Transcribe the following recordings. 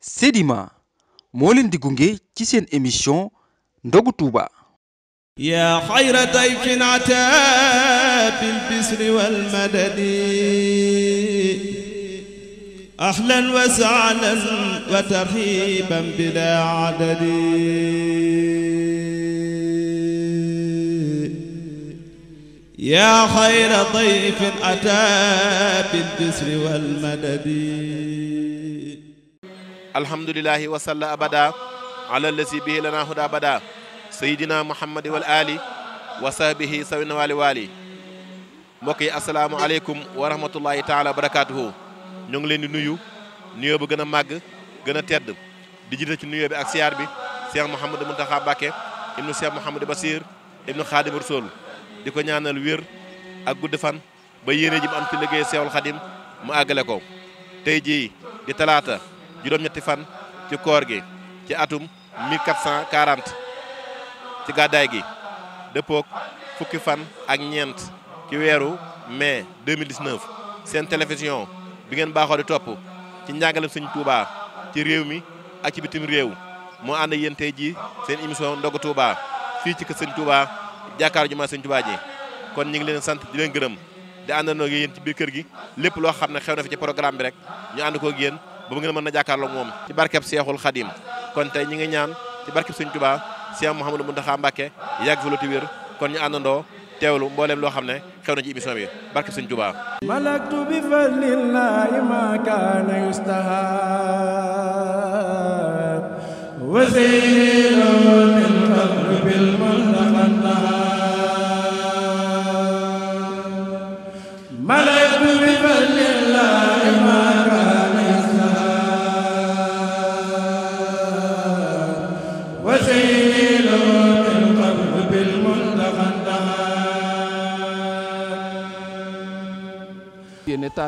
Sedima moo di gunge ci seen émission ndogu Tuuba yaa xayra dayfin ataa bil bisri wal madadi ahlan wa sahlan wa ataa bil bisri wal madadi alhamdulilahi wa salla abada ala lazi bihi lana huda bada sayidina muhammadi wal ali wa sahbihi sawina waali waali mbokk yi asalaamu aleykum wa rahmatullahi taala ngi leen di nuyu nuyoo bu gën a màgg gën a tedd di jiite ci nuyoo bi ak siyaar bi cheikh mouhamadou muntaxa ibnu cheikh mouhamadou basir ibnu xaadim rasul di ko ñaanal wér ak gudd fan ba yéene ji mu am ci liggéey seexul xadim mu àggale ko tey jii di talaata juróom-ñetti fan ci koor gi ci atum 1440 ci gàddaay gi dëppook fukki fan ak ñeent ci weeru mai 2019 seen télévision bi ngeen baaxoo di topp ci njàngalem sëñ Touba ci réew mi ak ci bitim réew moo ànd yéen tey jii seen émission ndogu Touba fii ci kër sëñ Touba jàkkaar ju ma sëñ Touba ji kon ñu ngi leen sant di leen gërëm di àndandoo ak yéen ci biir kër gi lépp loo xam ne xew na fi ci programme bi rek ñu ànd koog yéen ba mu ngeen mën a jàkkaarloog moom ci barkeb seexul xadim kon tey ñi ngi ñaan ci barkeb Sëriñ Tuubaa Seex Muhammadu Muntaxa Mbàkke yàgg fi lu ti wér kon ñu àndandoo teewlu mbooleem loo xam ne xew na ci émission bi barkeb Sëriñ Tuubaa malaktu bi fadlillahi ma kaana yustahab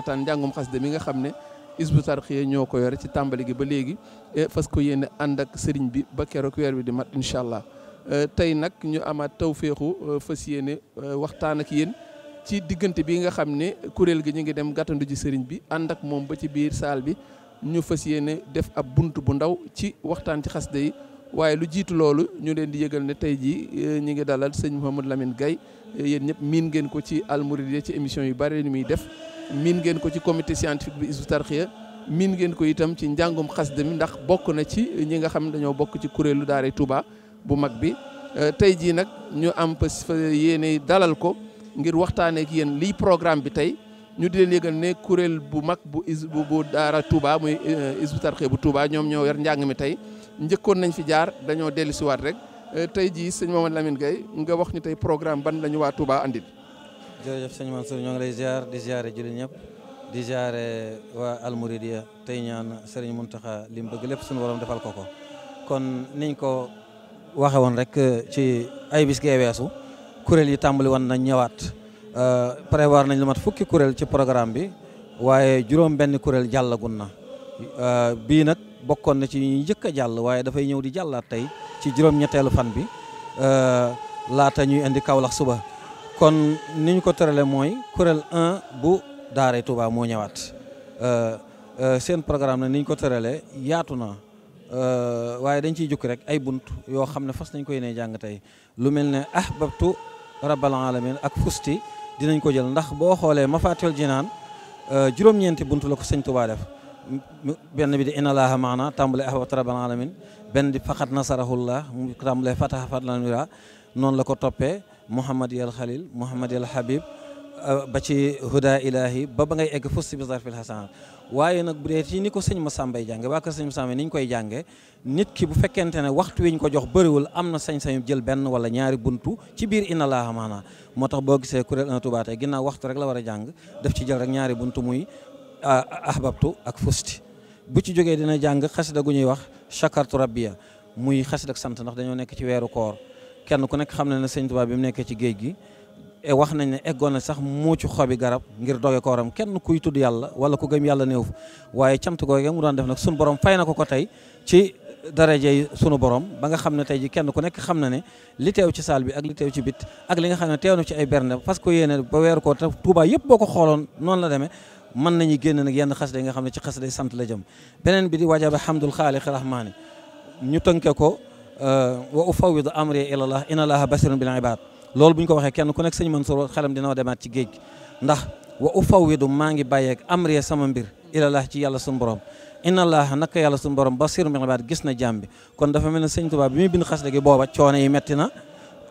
taataan njàngum xasida mi nga xam ne Hizbut Tarqiyyah ñoo ko yore ci tàmbali gi ba léegi eh, fas ko yéene ànd ak sëriñ bi ba keroog weer bi di mat incha allah eh, tey nag ñu amaat tawféexu eh, fas yéene waxtaan ak yéen ci diggante bi nga xam ne kuréel gi ñu ngi dem gàttandu ji sëriñ bi ànd ak moom ba ci biir saal bi ñu fas yéene def ab bunt bu ndaw ci waxtaan ci xasida yi waaye lu jiitu loolu ñu leen di yëgal ne tey jii ñu ngi dalal sëñ Mouhamadou Lamine Gaye yéen ñëpp miin ngeen ko ci Al Mouridiyyah ci émission yi bari ni muy def miin ngeen ko ci comité scientifique bi Hizbut Tarqiyyah miin ngeen ko itam ci njàngum xasida mi ndax bokk na ci ñi nga xam dañoo bokk ci kuréelu daaray Touba bu mag bi euh, tey jii nag ñu am fa yéene dalal ko ngir waxtaanee ak yéen lii programme bi tey ñu di leen ne kuréel bu mag bu is bu bu daara Touba muy euh, Hizbut Tarqiyyah bu Touba ñoom ñoo yor njàng mi tey njëkkoon nañ fi jaar dañoo dellusiwaat rek euh, tey jii sëñ Mamadou Lamine Gueye nga wax ñu tey programme ban la ñu waa Touba andil. jërëjëf sëñ Mansour ñoo ngi lay ziar di ziare jullit ñëpp di ziare waa almouridia tey ñaan Serigne Mountakha li mu bëgg lépp suñu borom defal ko ko kon niñ ko waxe woon rek euh, ci ay bis gee weesu kuréel yi tàmbali woon nañ ñëwaat euh, prévoir nañ lu mat fukki kuréel ci programme bi waaye juróom benn kuréel jàllagun na euh, bii nag bokkoon na ci ñuy njëkk a jàll waaye dafay ñëw di jàllaat tey ci juróom-ñetteelu fan bi laata ñuy indi Kaolack suba kon ni ñu ko tërale mooy kuréel 1 bu daaray Touba moo ñëwaat euh, euh, seen programme na ni ñu ko tërale yaatu na euh, waaye dañ ciy jukk rek ay bunt yoo xam ne fas nañ koy ne jàng tey lu mel ne ahbabtu rabbal alamin ak fusti dinañ ko jël ndax boo xoolee Mafaatihul Jinaan juróom-ñeenti bunt la ko sëñ Touba def benn bi di inna laaha maana tàmbale ahbabtu rabbal alamin benn di faqat nasarahullah mu tàmbale fataha wira noonu la ko toppee muhammad yal xalil muhammad yal habib ba ci huda ilahi ba ba ngay egg fusti bi zarfil hasanat waaye nag bu dee ci ni ko sëñ Masambay jànge waa kër sëñ Masambay ni ñu koy jànge nit ki bu fekkente ne waxtu wi ñu ko jox bëriwul am na sañ-sañu jël benn wala ñaari buntu ci biir inna laaha maanaa moo tax boo gisee kuréel un Tuubaa tey ginnaaw waxtu rek la war a jàng daf ci jël rek ñaari buntu muy ahbabtu ak fusti bu ci jógee dina jàng xasida gu ñuy wax chakartu rabbiya muy xasida ak sant ndax dañoo nekk ci weeru koor kenn ku nekk xam na ne sëñ Tuubaa bi mu nekkee ci géej gi e wax nañ ne eggoon na sax muucu xobi garab ngir doge koo waram kenn kuy tudd yàlla wala ku gëm yàlla néew fa waaye cant googu mu daan def nag sunu borom na ko ko tey ci daraje sunu borom ba nga xam ne tey ji kenn ku nekk xam na ne li teew ci saal bi ak li teew ci bit ak li nga xam ne teew na ci ay bernde parce que yéene ba weeru ko Tuubaa yëpp boo ko xooloon noonu la demee mën nañu génn nag yenn xasida yi nga xam ne ci xasida sant la jëm beneen bi di wajaba hamdul xaaliq rahmaani ñu tënke Euh, wa ufawid amri ila allah inna allaha basirun bil ibad loolu bu ñu ko waxee kenn ku nekk sëñ Mansour xelam dina demaat ci géej ndax ndax wa ufawidu maa ngi bàyyeeg amri sama mbir ila ci yàlla suñu borom inna allah naka yàlla suñu borom basirun bil ibad gis na jàmm bi kon dafa mel ne sëñ Tuubaa bi muy bind xasida gi booba coono yi metti na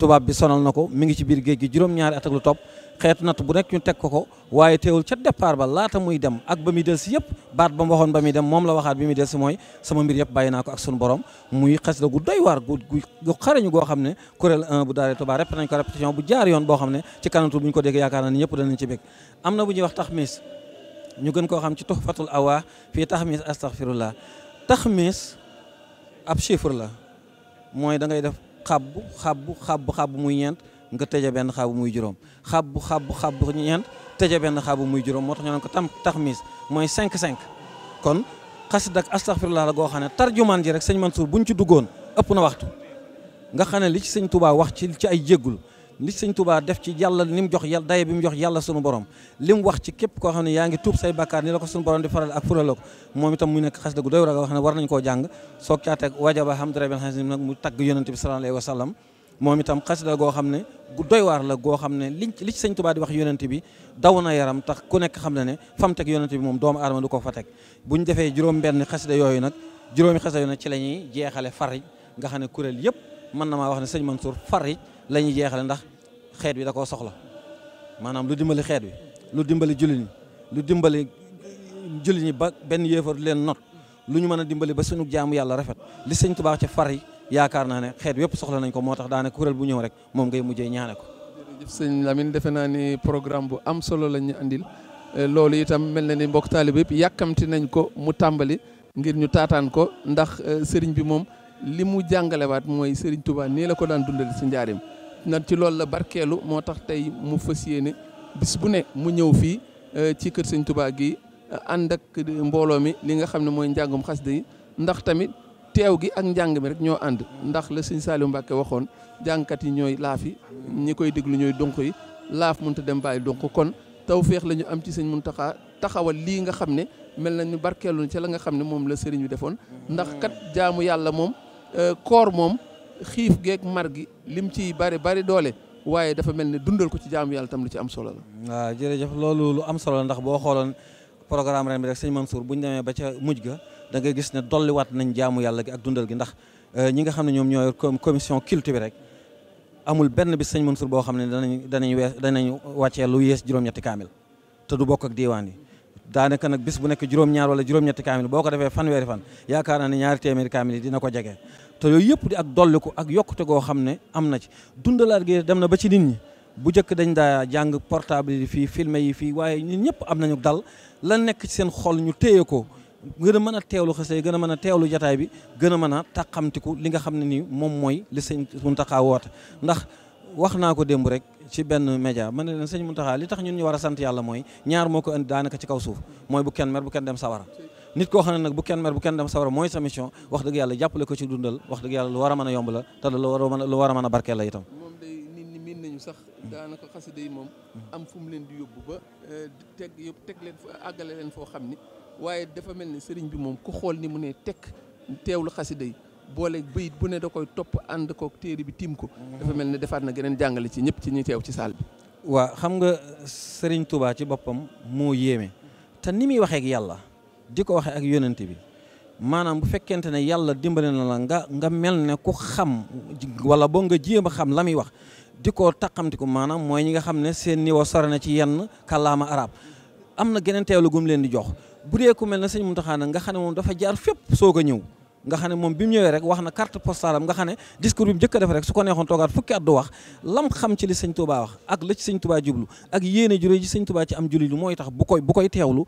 tubaab bi sonal na ko mi ngi ci biir géej gi juróom-ñaari at ak lu topp xeetu natt bu nekk ñu teg ko ko waaye teewul ca départ ba laata muy dem ak ba muy del si yëpp baat ba mu waxoon ba muy dem moom la waxaat bi muy del si mooy sama mbir yëpp bàyyi naa ko ak sunu borom muy xasida gu doy waar gu gu xarañu goo xam ne kuréel 1 bu daaree Touba répété nañ ko répétition bu jaar yoon boo xam ne ci kanam tuuti ñu ko déggee yaakaar naa ni ñëpp danañ ci bég am na bu ñuy wax taxmis ñu gën koo xam ci tuhfatul awaa fii taxmis astaghfirullah taxmis ab chiffre la mooy da ngay def xabbu xabbu xabbu xabbu muy ñeent nga tëje benn xabbu muy juróom xabbu xabbu xabbu ñeent tëje benn xabbu muy juróom moo tax ñu naan ko tam taxmis mooy 5 5 kon xasida ak astaxfirullah la goo xam ne tarjumaan ji rek sëñ Mansour buñ ci duggoon ëpp na waxtu nga xam ne li ci sëñ Touba wax ci ci ay jéggul li sëñ tubaa def ci yàlla ni mu jox yàlla daye bi mu jox yàlla sunu borom li mu wax ci képp koo xam ne yaa ngi tuub say bakkaar ni la ko sunu borom di faral ak furaloo ko moom itam mu nekk xasida gu war a wax ne war nañ koo jàng soog caa teg wajaba nag mu tagg yonente bi sallallahu alayhi wa sallam moom itam goo xam ne gu doy waar la goo xam ne liñ li ci sëñ Touba di wax yonente bi daw na yaram tax ku nekk xam ne ne fam teg yonente bi moom doomu aadama du ko fa teg buñ defee juróom benn xasida yooyu nag juróomi xasida yooyu nag ci la ñuy jeexale farij nga xam ne kuréel yëpp mën na maa wax ne sëñ Mansour farij la ñuy jeexale ndax xeet wi da koo soxla maanaam lu dimbali xeet wi lu dimbali jullit ñi lu dimbali jullit ñi ba benn yéefar leen not lu ñu mën a dimbali ba sunu jaamu yàlla rafet li sëñ Tuubaa ci far yi yaakaar naa ne xeet yëpp soxla nañ ko moo tax daane kuréel bu ñëw rek moom ngay mujjee ñaane ko. jërëjëf sëñ Lamine defe naa ni programme bu am solo la ñu andil eh, loolu itam mel na ni mbokk taalibe yëpp yàkkamti nañ ko mu tàmbali ngir ñu taataan ko ndax eh, sëriñ bi moom li mu jàngalewaat mooy sëriñ Tuubaa nii la ko daan dundal si njaarim nan ci loolu la barkeelu moo tax tey mu fas yéene bis bu ne mu ñëw fii euh, ci kër sëñ tubaab gi euh, ànd ak mbooloo mi li nga xam ne mooy njàngum xasida yi ndax tamit teew gi ak njàng mi rek ñoo ànd ndax la sëñ Saliou Mbacke waxoon jàngkat yi ñooy laaf yi ñi koy déglu ñooy donk yi laaf mënut a dem bàyyi donk kon tawféex la ñu am ci sëñ Muntaxa taxawal lii nga xam ne mel ñu barkeelu ci la nga xam ne moom la sëriñ bi defoon ndax kat jaamu yàlla moom euh, koor moom xiif geeg mar gi lim ciy bari bari doole waaye dafa mel ni dundal ko ci jaamu yàlla tam lu ci am solo la. waaw jërëjëf loolu lu am solo la ndax boo xooloon programme ren bi rek sëñ Mansour bu ñu demee ba ca muj ga danga gis ne dolliwaat nañ jaamu yàlla gi ak dundal gi ndax euh, ñi nga xam ne ñoom ñooy commission culte bi rek amul benn bis sëñ Mansour boo xam ne danañ danañ wees danañ wàccee lu yees juróom-ñetti kaamil te du bokk ak diiwaan yi. daanaka nag bis bu nekk juróom-ñaar wala juróom-ñetti kaamil boo ko defee fanweeri fan yaakaar naa ne ñaari téeméeri kaamil yi ko jege te yooyu yëpp di ak dolliku ak yokkute goo xam ne am na ci dundalaat gi dem na ba ci nit ñi bu njëkk dañ daa jàng portable yi fii filme yi fii waaye ñun ñëpp am nañu dal la nekk ci seen xol ñu téye ko gën a mën a teewlu xase yi gën a mën a teewlu jataay bi gën a mën a taqamtiku li nga xam ne nii moom mooy li sëñ Muntaxa woote ndax wax naa ko démb rek ci benn média ma ne leen sëñ li tax ñun ñu war a sant yàlla mooy ñaar moo ko daanaka ci kaw suuf mooy bu kenn mer bu kenn dem sawara nit koo xam ne nag bu kenn mer bu kenn dem sawara mooy sa mission wax dëgg yàlla jàppale ko ci dundal wax dëgg yàlla lu war a mën a yomb la te lu war a mën a lu a a barkeel la itam. moom day nit ñi miin nañu sax. daanaka xasida yi moom. am fu mu leen di yóbbu ba eh, teg yóbbu teg leen àggale leen foo xam ni waaye dafa mel ni sëriñ bi moom ku xool ni mu ne tekk lu xasida yi boole bayit bu ne da koy topp ànd kook téere bi tiim ko. dafa mel ne defaat na geneen jàngale ci ñëpp ci ñi teew ci saal bi. waa xam nga Serigne Touba ci boppam moo yéeme te ni muy waxee yàlla di ko waxee ak yonent bi maanaam bu fekkente ne yàlla dimbali na la nga nga mel ne ku xam wala boo nga jéem a xam la muy wax di ko taqamtiku maanaam mooy ñi nga xam ne seen niveau sore na ci yenn kalaama araab am na geneen teewlu gum leen di jox bu dee ku mel ne sëñ Muntaxa nag nga xam ne moom dafa jaar fépp soog a ñëw nga xam ne moom bi mu ñëwee rek wax na kart postale nga xam ne discours bi mu jëkk a def rek su ko neexoon toogaat fukki at wax lam xam ci li sëñ Touba wax ak la ci jublu ak yéene juré ci sëñ Touba am jullit lu mooy tax bu koy bu koy teewlu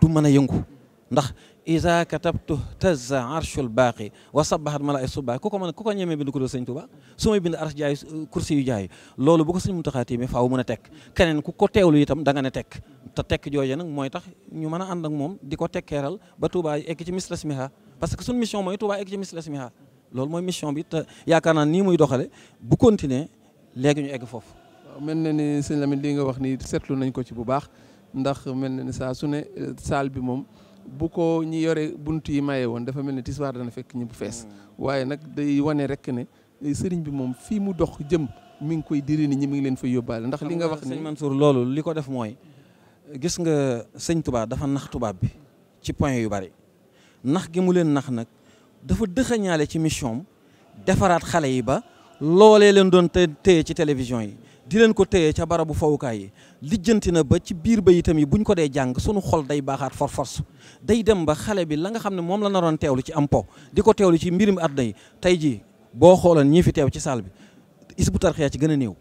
du mën a yëngu ndax isa katabtu tazza arshul baaqi wa sabahat malaay subaa ku ko mën ku ko ñemee bind ku dul sëñ Tuuba su may bind arsh jaay kursi yu jaay loolu bu ko sëñ Muntaxaa tiimee faaw mën a tekk keneen ku ko teewlu itam da ne tekk te tekk jooje nag mooy tax ñu mën a ànd ak moom di ko tekkeeral ba Tuuba egg ci mislas miha parce que suñu mission mooy Tuuba egg ci mislas miha loolu mooy mission bi te yaakaar naa nii muy doxale bu continuer léegi ñu egg foofu waaw mel na ni sëñ Lamine li nga wax ni seetlu nañ ko ci bu baax ndax mel na saa su eh, saal bi moom bu ko ñi yore bunt yi maye woon dafa mel ne tisbaar dana fekk ñi bu fees mm. waaye nag day wane rek ne eh, sëriñ bi moom fii mu dox jëm mi ngi koy diri ni ñi mi ngi leen fay yóbbaale ndax li nga wax ni sëñ Mansour loolu li ko def mooy gis nga sëñ tubaab dafa nax tubaab bi ci point yu bari nax gi mu leen nax nag dafa dëxañaale ci mission defaraat xale yi ba loolee leen doon téye ci télévision yi di leen ko téye ca barabu fawukaay yi lijjanti na ba ci biir ba itam yi bu ñu ko dee jàng sunu xol day baaxaat for force day dem ba xale bi la nga xam ne moom la naroon teewlu ci am po di ko teewlu ci mbirim àdduna yi tey jii boo xooloon ñii fi teew ci saal bi Hizbut Tarqiyyah ci gën a néew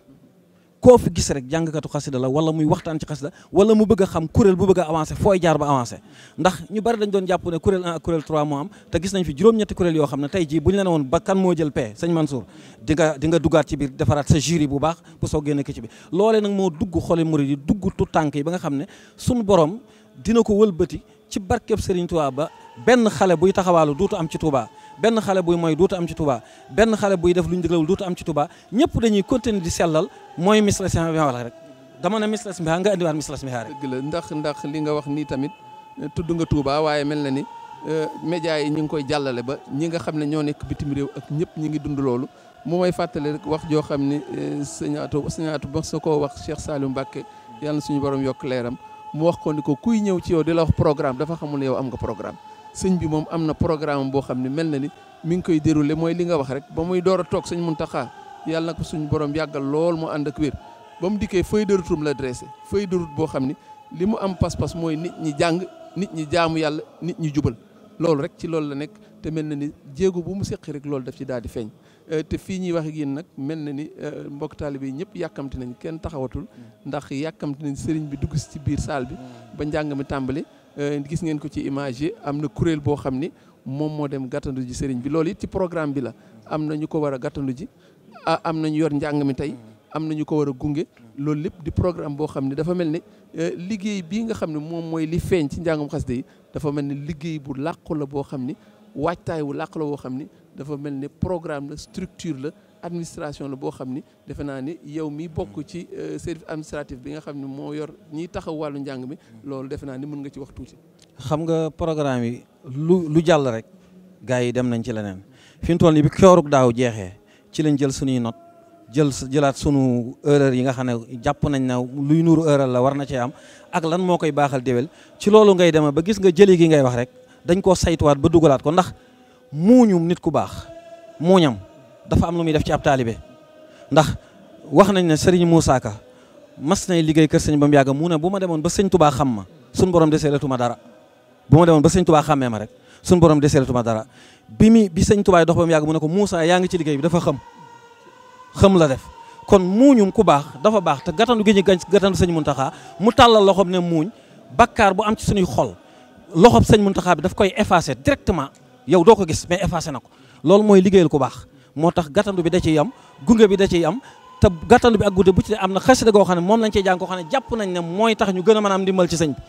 koo fi gis rek jàngkatu xasida la wala muy waxtaan ci xasida wala mu bëgg a xam kuréel bu bëgg a avancé fooy jaar ba avancé ndax ñu bari dañ doon jàpp ne kuréel 1 ak kuréel 3 moo am te gis nañ fi juróom-ñetti kuréel yoo xam ne tey jii bu ñu la ne woon ba kan nga di nga duggaat biir defaraat sa jury bu baax bu soog génne ki ci bi loolee nag moo dugg dugg tu tànk yi nga xam ne suñu boroom dina ko wëlbati ci barkeb Serigne Touba ba benn xale buy taxawaalu duutu am ci Touba benn xale buy mooy duutu am ci Touba benn xale buy def lu ñu diglawul duutu am ci Touba ñëpp dañuy continuer di sellal mooy mislas mi wala rek dama ne mislas mi nga indiwaat mislas mi rek. dëgg la ndax ndax li nga wax nii tamit tudd nga Touba waaye mel na ni euh, média yi ñu ngi koy jàllale ba ñi nga xam ne ñoo nekk bitim réew ak ñëpp ñi ngi dund loolu mu may fàttali rek wax joo xam ne euh, sëñ Atou sëñ Atou sa koo wax Cheikh Saliou Mbacke yàlla suñu borom yokk leeram mu wax ko ni ko kuy ñëw ci yow di la wax programme dafa xamul yow am nga programme sëñ bi moom am na programme boo xam ne mel na ni mi ngi koy déroulé mooy li nga wax rek ba muy door a suñ sëñ taxaa yàlla na ko suñu borom yàggal lool mu ànd ak wér ba mu dikkee feuille de route la dressé feuille de route boo xam ni li mu am pas-pas mooy nit ñi jàng nit ñi jaamu yàlla nit ñi jubal loolu rek ci loolu la nekk te mel na ni jéego bu mu seqi rek loolu daf ci daal di feeñ euh, te fii ñuy wax ak nag mel na ni euh, mbokk taalibe yi ñëpp yàkkamti nañ kenn taxawatul ndax yàkkamti nañ sëriñ bi dugg ci biir saal bi mm. ba njàng tàmbali Euh, gis ngeen ko ci image am na kuréel boo xam ni moom moo dem gàttandu ji sëriñ bi loolu yit ci programme bi la am na ñu ko war a gàttandu ji ah am na ñu yor njàng mi tey am na ñu ko war a gunge loolu lépp di programme boo xam ne dafa mel ni euh, liggéey bii nga xam ne moom mooy li feeñ ci njàngum xasida yi dafa mel ni liggéey bu làqu la boo xam ni waajtaay wu làqu la boo xam ni dafa mel ni programme la structure la administration la boo xam ni defe naa ni yow mi bokk mm. ci euh, service administratif bi nga xam ni moo yor ñiy taxaw wàllu njàng mi mm. loolu defe naa ni mun nga ci wax tuuti. xam nga programme yi lu lu jàll rek gars yi dem nañ ci leneen fi mu toll nii bi koorug daaw jeexee ci lañ jël suñuy notes jël jëlaat sunu erreur yi nga xam ne jàpp nañ na luy nuuru erreur la war na cee am ak lan moo koy baaxal déwél ci loolu ngay dema ba gis nga jëli gi ngay wax rek dañ koo saytuwaat ba dugalaat ko ndax muuñum nit ku baax muuñam. dafa am lu muy def ci ab taalibe ndax wax nañ ne Serigne Moussa Ka mas nay liggéey kër sëñ ba mu yàgg mu ne bu ma demoon ba sëñ Touba xam ma suñ borom deseelatuma dara bu ma demoon ba sëñ ma rek suñ borom deseelatuma dara bi mi bi sëñ Touba dox ba mu yàgg mu ne ko Moussa yaa ngi ci liggéey bi dafa xam xam la def kon muuñum ku baax dafa baax te gàttandu gi ñu gàttandu sëñ Muntaxa mu tàllal loxoom ne muuñ bakkaar bu am ci suñuy xol loxob sëñ taxaa bi daf koy effacé directement yow doo ko gis mais effacé na ko loolu mooy liggéeyal ku baax moo tax gàttandu bi da ciy am gunge bi da ciy am te gàttandu bi ak gudde bu ci ne am na xasida goo xam ne moom lañ cey jàng koo xam ne jàpp nañ ne mooy tax ñu gën a mën am ndimbal ci sëñ bi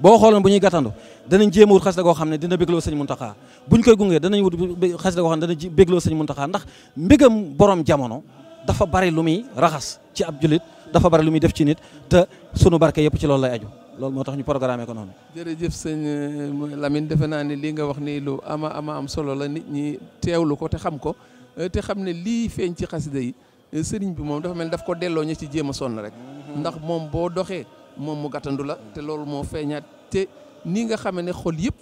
boo xooloon bu ñuy gàttandu danañ jéem a wut xasida goo xam ne dina bégloo sëñ Muntaxa buñ koy gungee danañ wut xasida goo xam ne dana bégloo sëñ Muntaxa ndax mbégam boroom jamono dafa bari lu muy raxas ci ab julit dafa bari lu muy def ci nit te sunu barke yëpp ci loolu lay aju loolu moo tax ñu programmé ko noonu. jëf sëñ euh, Lamine defe naa ne li nga wax ni lu ama ama am solo la nit ñi teewlu ko te xam ko Euh, te xam ne lii feeñ ci xasida yi euh, sëriñ bi moom dafa mel daf ko delloo ñu ci jéem a sonn rek. Mm-hmm. ndax moom boo doxee moom mu gàttandu la te loolu moo feeñaat te nii nga xam ne xol yëpp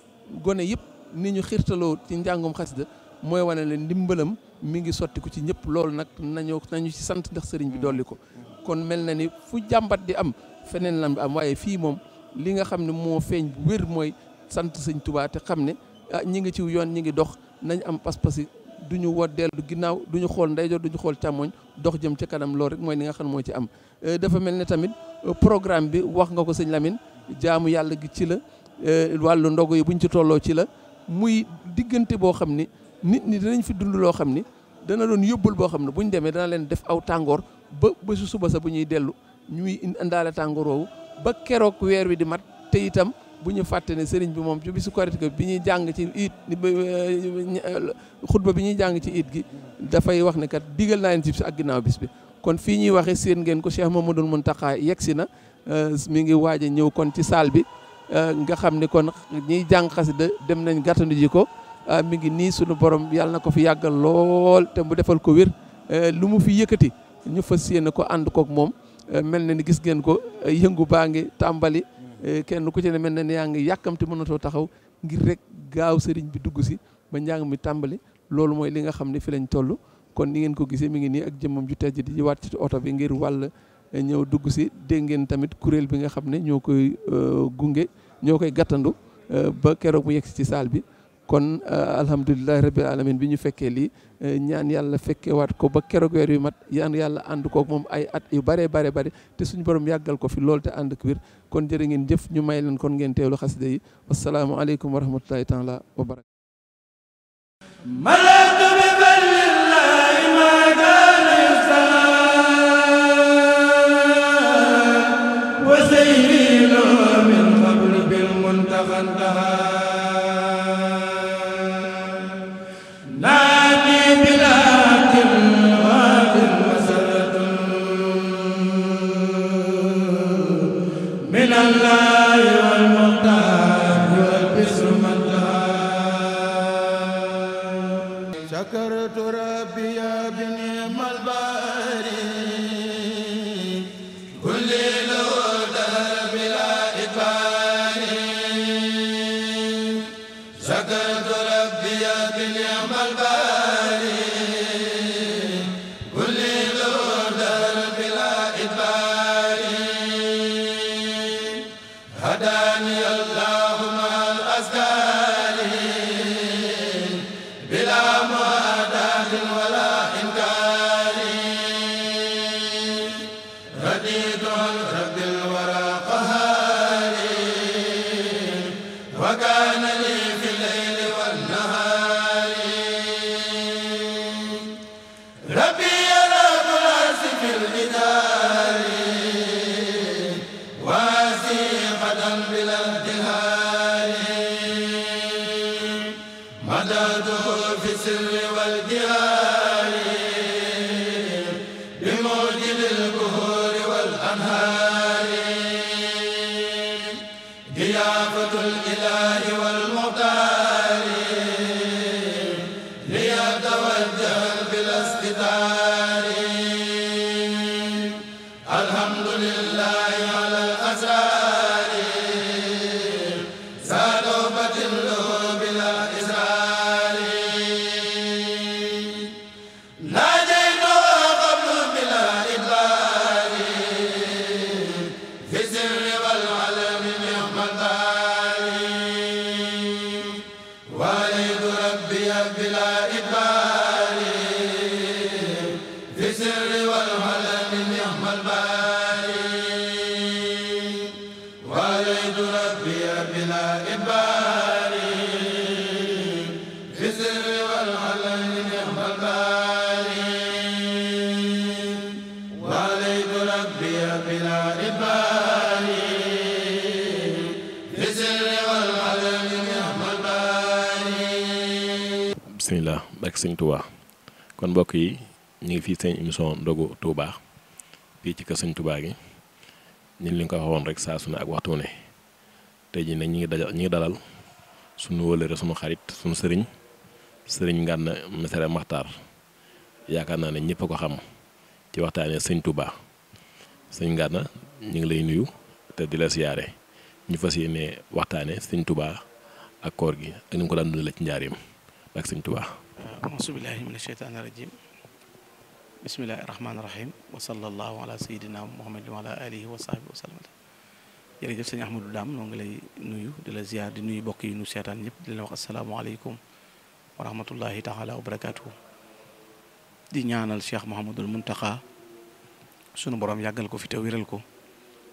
gone yëpp ni ñu xiirtaloo ci njàngum xasida mooy wane ne ndimbalam mi ngi sotti ko ci ñëpp loolu nag nañoo nañu ci sant ndax sëriñ bi dolli ko. Mm-hmm. kon mel na ni fu jàmbat di am feneen lam bi am waaye fii moom li nga xam ne moo feeñ bu wér mooy sant sëñ Tuubaa te xam ne ah, ñi ngi ci yoon ñi ngi dox nañ am pas du ñu wa dellu ginnaaw du ñu xool ndeyjoor du ñu xool càmmooñ dox jëm ci kanam lool rek mooy li nga xam moo ci am. Euh, dafa mel ne tamit euh, programme bi wax nga ko sëñ Lamine jaamu yàlla gi ci la euh, wàllu ndogu yi buñ ci tolloo ci la muy diggante boo xam ni nit ñi dinañ fi dund loo xam ni dana doon yóbbul boo xam ne buñ demee dana leen def aw tàngoor ba bésu suba sax bu ñuy dellu ñuy indaale tàngoor ba keroog weer wi di mat te itam. bu ñu fàtte ne sëriñ bi moom ci bisu korite ga bi ñuy jàng ci it euh, xutba bi ñuy jàng ci it gi dafay wax ne kat digal naa leen ci bis ak ginnaaw bis bi kon fii ñuy waxe seen ngeen ko moom Cheikh Mamadou Mountakha yegg si na euh, mi ngi waaj ñëw kon ci saal bi euh, nga xam ne kon ñiy jàng de dem nañ gàttandu ji ko mi ngi nii sunu borom yàlla na ko fi yàggal lool te mu defal ko wér lu mu fi yëkkati ñu fas yéene ko ànd kook moom mel na ni gis ngeen ko yëngu baa ngi tàmbali Eh, kenn ku ci ne mel na ne yaa ngi yàkkamti mënatoo taxaw ngir rek gaaw sëriñ bi dugg si ba njàng mi tàmbali loolu mooy li nga xam ne fi lañ toll kon ni ngeen ko gisee mi ngi nii ak jëmmam ju tejj di waat ci oto bi ngir wàll eh, ñëw dugg si dégg ngeen tamit kuréel bi nga xam ne ñoo koy eh, gunge ñoo koy gàttandu ba keroog mu yegg si ci saal bi kon euh, alhamdulilahi rabbil alamin bi ñu fekkee lii euh, ñaan yàlla fekkewaat ko ba keroog weer yu mat yaan yàlla ànd kook moom ay at yu bare bare bare te suñu borom yàggal ko fi loolu te ànd ak wér kon jërë ngeen jëf ñu may leen kon ngeen teewlu xasida yi wasalaamu aleykum wa rahmatullahi taala wa barakatu Touba kon mbokk yi ñu ngi fi seen émission ndogu Touba fii ci kër sëñ Touba gi ñu ngi ko waxoon rek saa su ne ak ne tey jii nag ñu ngi dajal ñu ngi dalal suñu wëlëre suñu xarit suñu sëriñ sëriñ Gana Messere Maxtaar yaakaar naa ne ñëpp a ko xam ci waxtaanee sëñ Touba sëñ Gana ñu ngi lay nuyu te di la siyaare ñu fas yéene waxtaanee sëñ Touba ak koor gi ak ko daan dundale ci njaareem ak sëñ Touba. asubillahi min asheytaan irajim bismillahi rahmaani rahim wa sallallahu ala sayidina muhammadin wa alihi wa sahbi wa sallam jërëjëf sëñ daam noo lay nuyu di la ziar di nuyu bokk yi nu seetaan ñëpp di leen wax asalaamaaleykum wa rahmatullahi taala wa barakatuhu di ñaanal cheikh mohamadul muntaxa sunu borom yàggal ko fi te wéral ko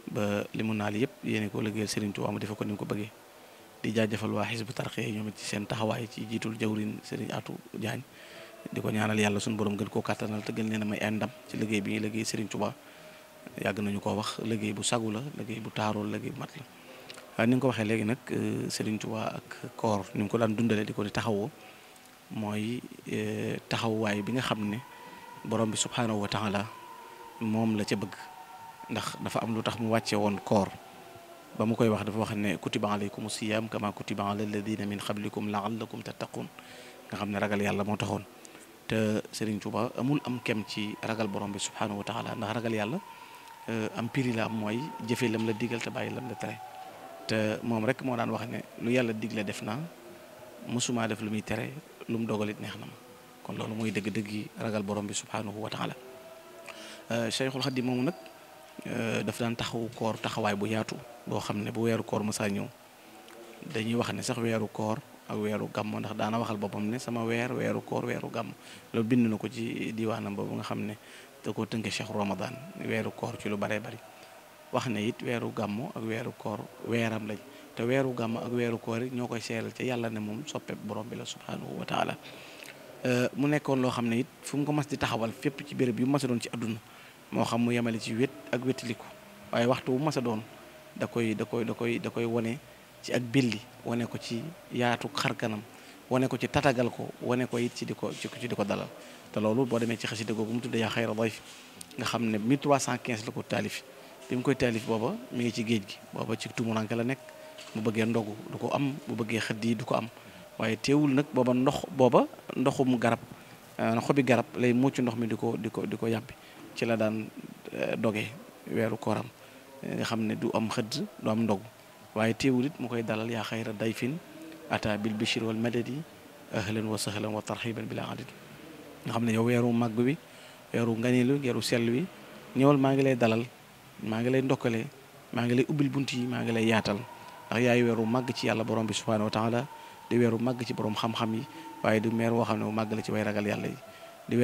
ba li naal yëpp yéeni ko liggéeyal sëriñ Tuubaa mu defe ko ni ko bëggee di jaajëfal waa xisbu tarxee yi ñoom ci seen taxawaay ci jiitul jawrin Serigne atu Diagne di ko ñaanal yàlla suñu borom gën koo kàttanal te gën leen a may ndam ci liggéey bi ñuy liggéey Serigne Touba yàgg nañu koo wax liggéey bu sagu la liggéey bu taarool liggéey bu mat la waaye ni nga ko waxee léegi nag euh, Serigne Touba ak koor ni nga ko daan dundale di ko di taxawoo mooy euh, taxawwaay bi nga xam ne borom bi subhaanahu wa la moom la ca bëgg ndax dafa am lu tax mu wàcce woon koor ba mu koy wax dafa wax ne kutiba alaykum siyaam kama kutiba ala alladina min qablikum laallakum tattaqun nga xam ne ragal yàlla moo taxoon te Serigne Touba amul am kem ci ragal borom bi subhanahu wa taala ndax ragal yàlla euh, am piri la am mooy jëfe lam la digal te bàyyi lam la tere te moom rek moo daan wax ne lu yàlla digle def naa mësuma def lu muy tere lu mu dogalit neex na ma kon loolu mooy dëgg-dëgg ragal borom bi subhanahu wa taala euh, Cheikhul Xadim moomu nag Euh, dafa daan taxawu koor taxawaay bu yaatu boo xam ne bu weeru koor mu saa ñëw dañuy wax ne sax weeru koor ak weeru gàmm ndax daana waxal boppam ne sama weer weeru koor weeru gàmm loolu bind ko ci diwaanam boobu nga xam ne da koo tënke cheikh ramadan weeru koor ci lu baree bari wax ne it weeru gàmm ak weeru koor weeram lañ te weeru gàmm ak weeru koor it ñoo koy seeral ci yàlla ne moom soppe borom bi la subhaanahu wa euh, mu nekkoon loo xam ne it fu mu ko mas di taxawal fépp ci béréb yu mas doon ci àdduna moo xam mu yemale ci wet ak wétaliku waaye waxtu wu mas a doon da koy da koy da koy da koy wane ci ak billi wane ko ci yaatu xar kanam wane ko ci tatagal ko wane ko it ci di ko ci di ko dalal te loolu boo demee ci xasida googu mu tuddee yaa xayra dayf nga xam ne 1315 la ko taalif bi mu koy taalif booba mi ngi ci géej gi booba ci tumuranke la nekk mu bëggee ndogu du ko am bu bëggee xëdd du ko am waaye teewul nag booba ndox booba ndoxum garab na eh, xobi garab lay mucc ndox mi di ko di ko di ko yàbbi ci la daan eh, doge weeru kooram nga xam ne du am xëdd du am ndog waaye teewul it mu koy dalal yaa xayra dayfin ata bil bishir wal madadi ahlan wa sahlan wa tarxiban bila adid nga xam ne yow weeru màgg wi weeru nganilu weeru sel wi ñëwal maa ngi lay dalal maa ngi lay ndokkale maa ngi lay ubbil bunt yi maa ngi lay yaatal ndax yaay weeru màgg ci yàlla borom bi subhanahu wa taala di weeru màgg ci borom xam-xam yi waaye du meer woo xam ne bu màgg la ci way ragal yàlla yi di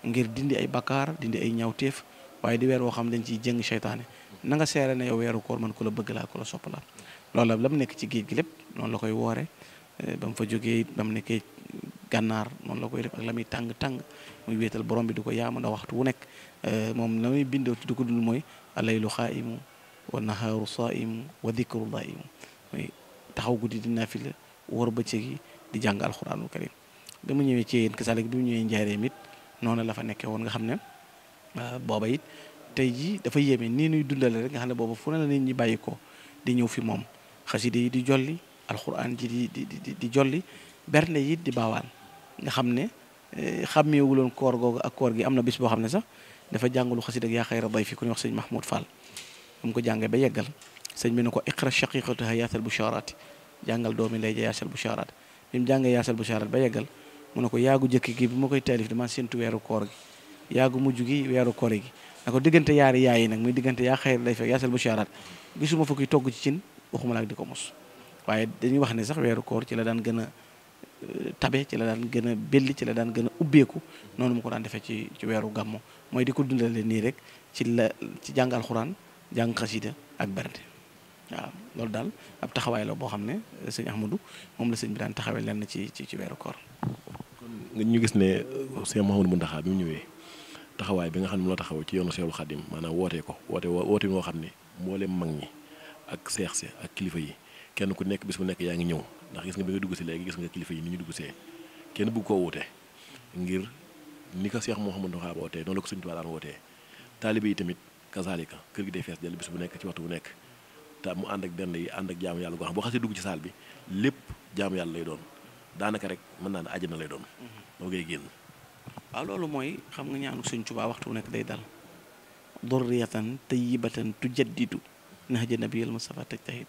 ngir dindi ay bakkaar dindi ay ñawteef waaye di weer woo xam dañ ciy jëng seytaane na nga seere ne yow weeru koor man ku la bëgg laa ku la sopp laa loolu la mu nekk ci géej gi lépp noonu la koy woore eh, ba mu fa jógee ba mu nekkee gànnaar noonu la koy def ak la muy tàng-tàng muy wéetal borom bi di ko yaamu ndax waxtu wu nekk eh, moom la muy bindoo ci du ko dul mooy alaylu xaaimu wa nahaaru saaimu wa dikru daimu muy taxaw guddi di naafila wóor bëccëg yi di jàng alxuraanul karim dama ñëwee ci yéen kasaalik bi mu ñëwee njaareem it noonu la fa nekkee woon nga xam ne euh, booba it tey jii dafa yéeme nii nuy dundale rek nga xam ne booba fu ne la nit ñi bàyyi ko di ñëw fi moom xasida yi di jolli alxuraan ji di di di jolli bernde yit di baawaan nga xam ne eh, loon koor googu ak koor gi am na bis boo xam ne sax dafa jàngulu xasida ak yaa xayra day fi ku ñuy wax sëñ Mahmoud Fall mu ko jàngee ba yeggal sëñ bi ne ko iqra shaqiqataha yaatal busharaati jàngal doomi lay ja yaasal busharaat bi mu yaasal busharaat ba yeggal mu ne ko yaagu jëkk gi bi ma koy taalif dama séntu weeru koor gi yaagu mujj gi weeru koor gi na ko diggante yaari yaay yi nag muy diggante yaa xayr lay fekk yaa sel busharaat gisuma fa kuy togg ci cin waxuma laak di ko mos waaye dañuy wax ne sax weeru koor ci la daan gën a euh, tabe ci la daan gën a belli ci la daan gën a ubbeeku noonu mu ko daan defee ci ci weeru gàmmo mooy di ko dundale nii rek ci la ci jàng alxuraan jàng xasida ak bernde waaw loolu daal ab taxawaay la boo xam ne euh, sëñ Ahmadou moom la sëñ bi daan taxawee lenn ci ci ci weeru koor ñu gis ne Cheikh Mouhamadou Mountakha bi mu ñëwee taxawaay bi nga xam ne moo taxaw ci yoonu Cheikhul Khadim maanaam wootee ko woote woote moo xam ne mboolem mag ñi ak seex si ak kilifa yi kenn ku nekk bis bu nekk yaa ngi ñëw ndax gis nga bi nga dugg si léegi gis nga kilifa yi ni ñu dugg kenn bëgg koo wuute ngir ni ko Cheikh Mouhamadou Mountakha wootee noonu la ko Sëñ Tuubaa daan wootee taalibe yi tamit kazalika kër gi day fees dell bis bu nekk ci waxtu bu nekk te mu ànd ak benn yi ànd ak jaamu yàlla goo xam boo xasee dugg ci saal bi lépp jaamu yàlla lay doon daanaka rek mën naa ne àjjana lay doon. doo mm-hmm. ngay génn. waaw loolu mooy xam nga ñaanu Sëñ Tuubaa waxtu nekk day dal. durriyatan tayyibatan tujaddidu nahja nabiyil Mustafa tajtahid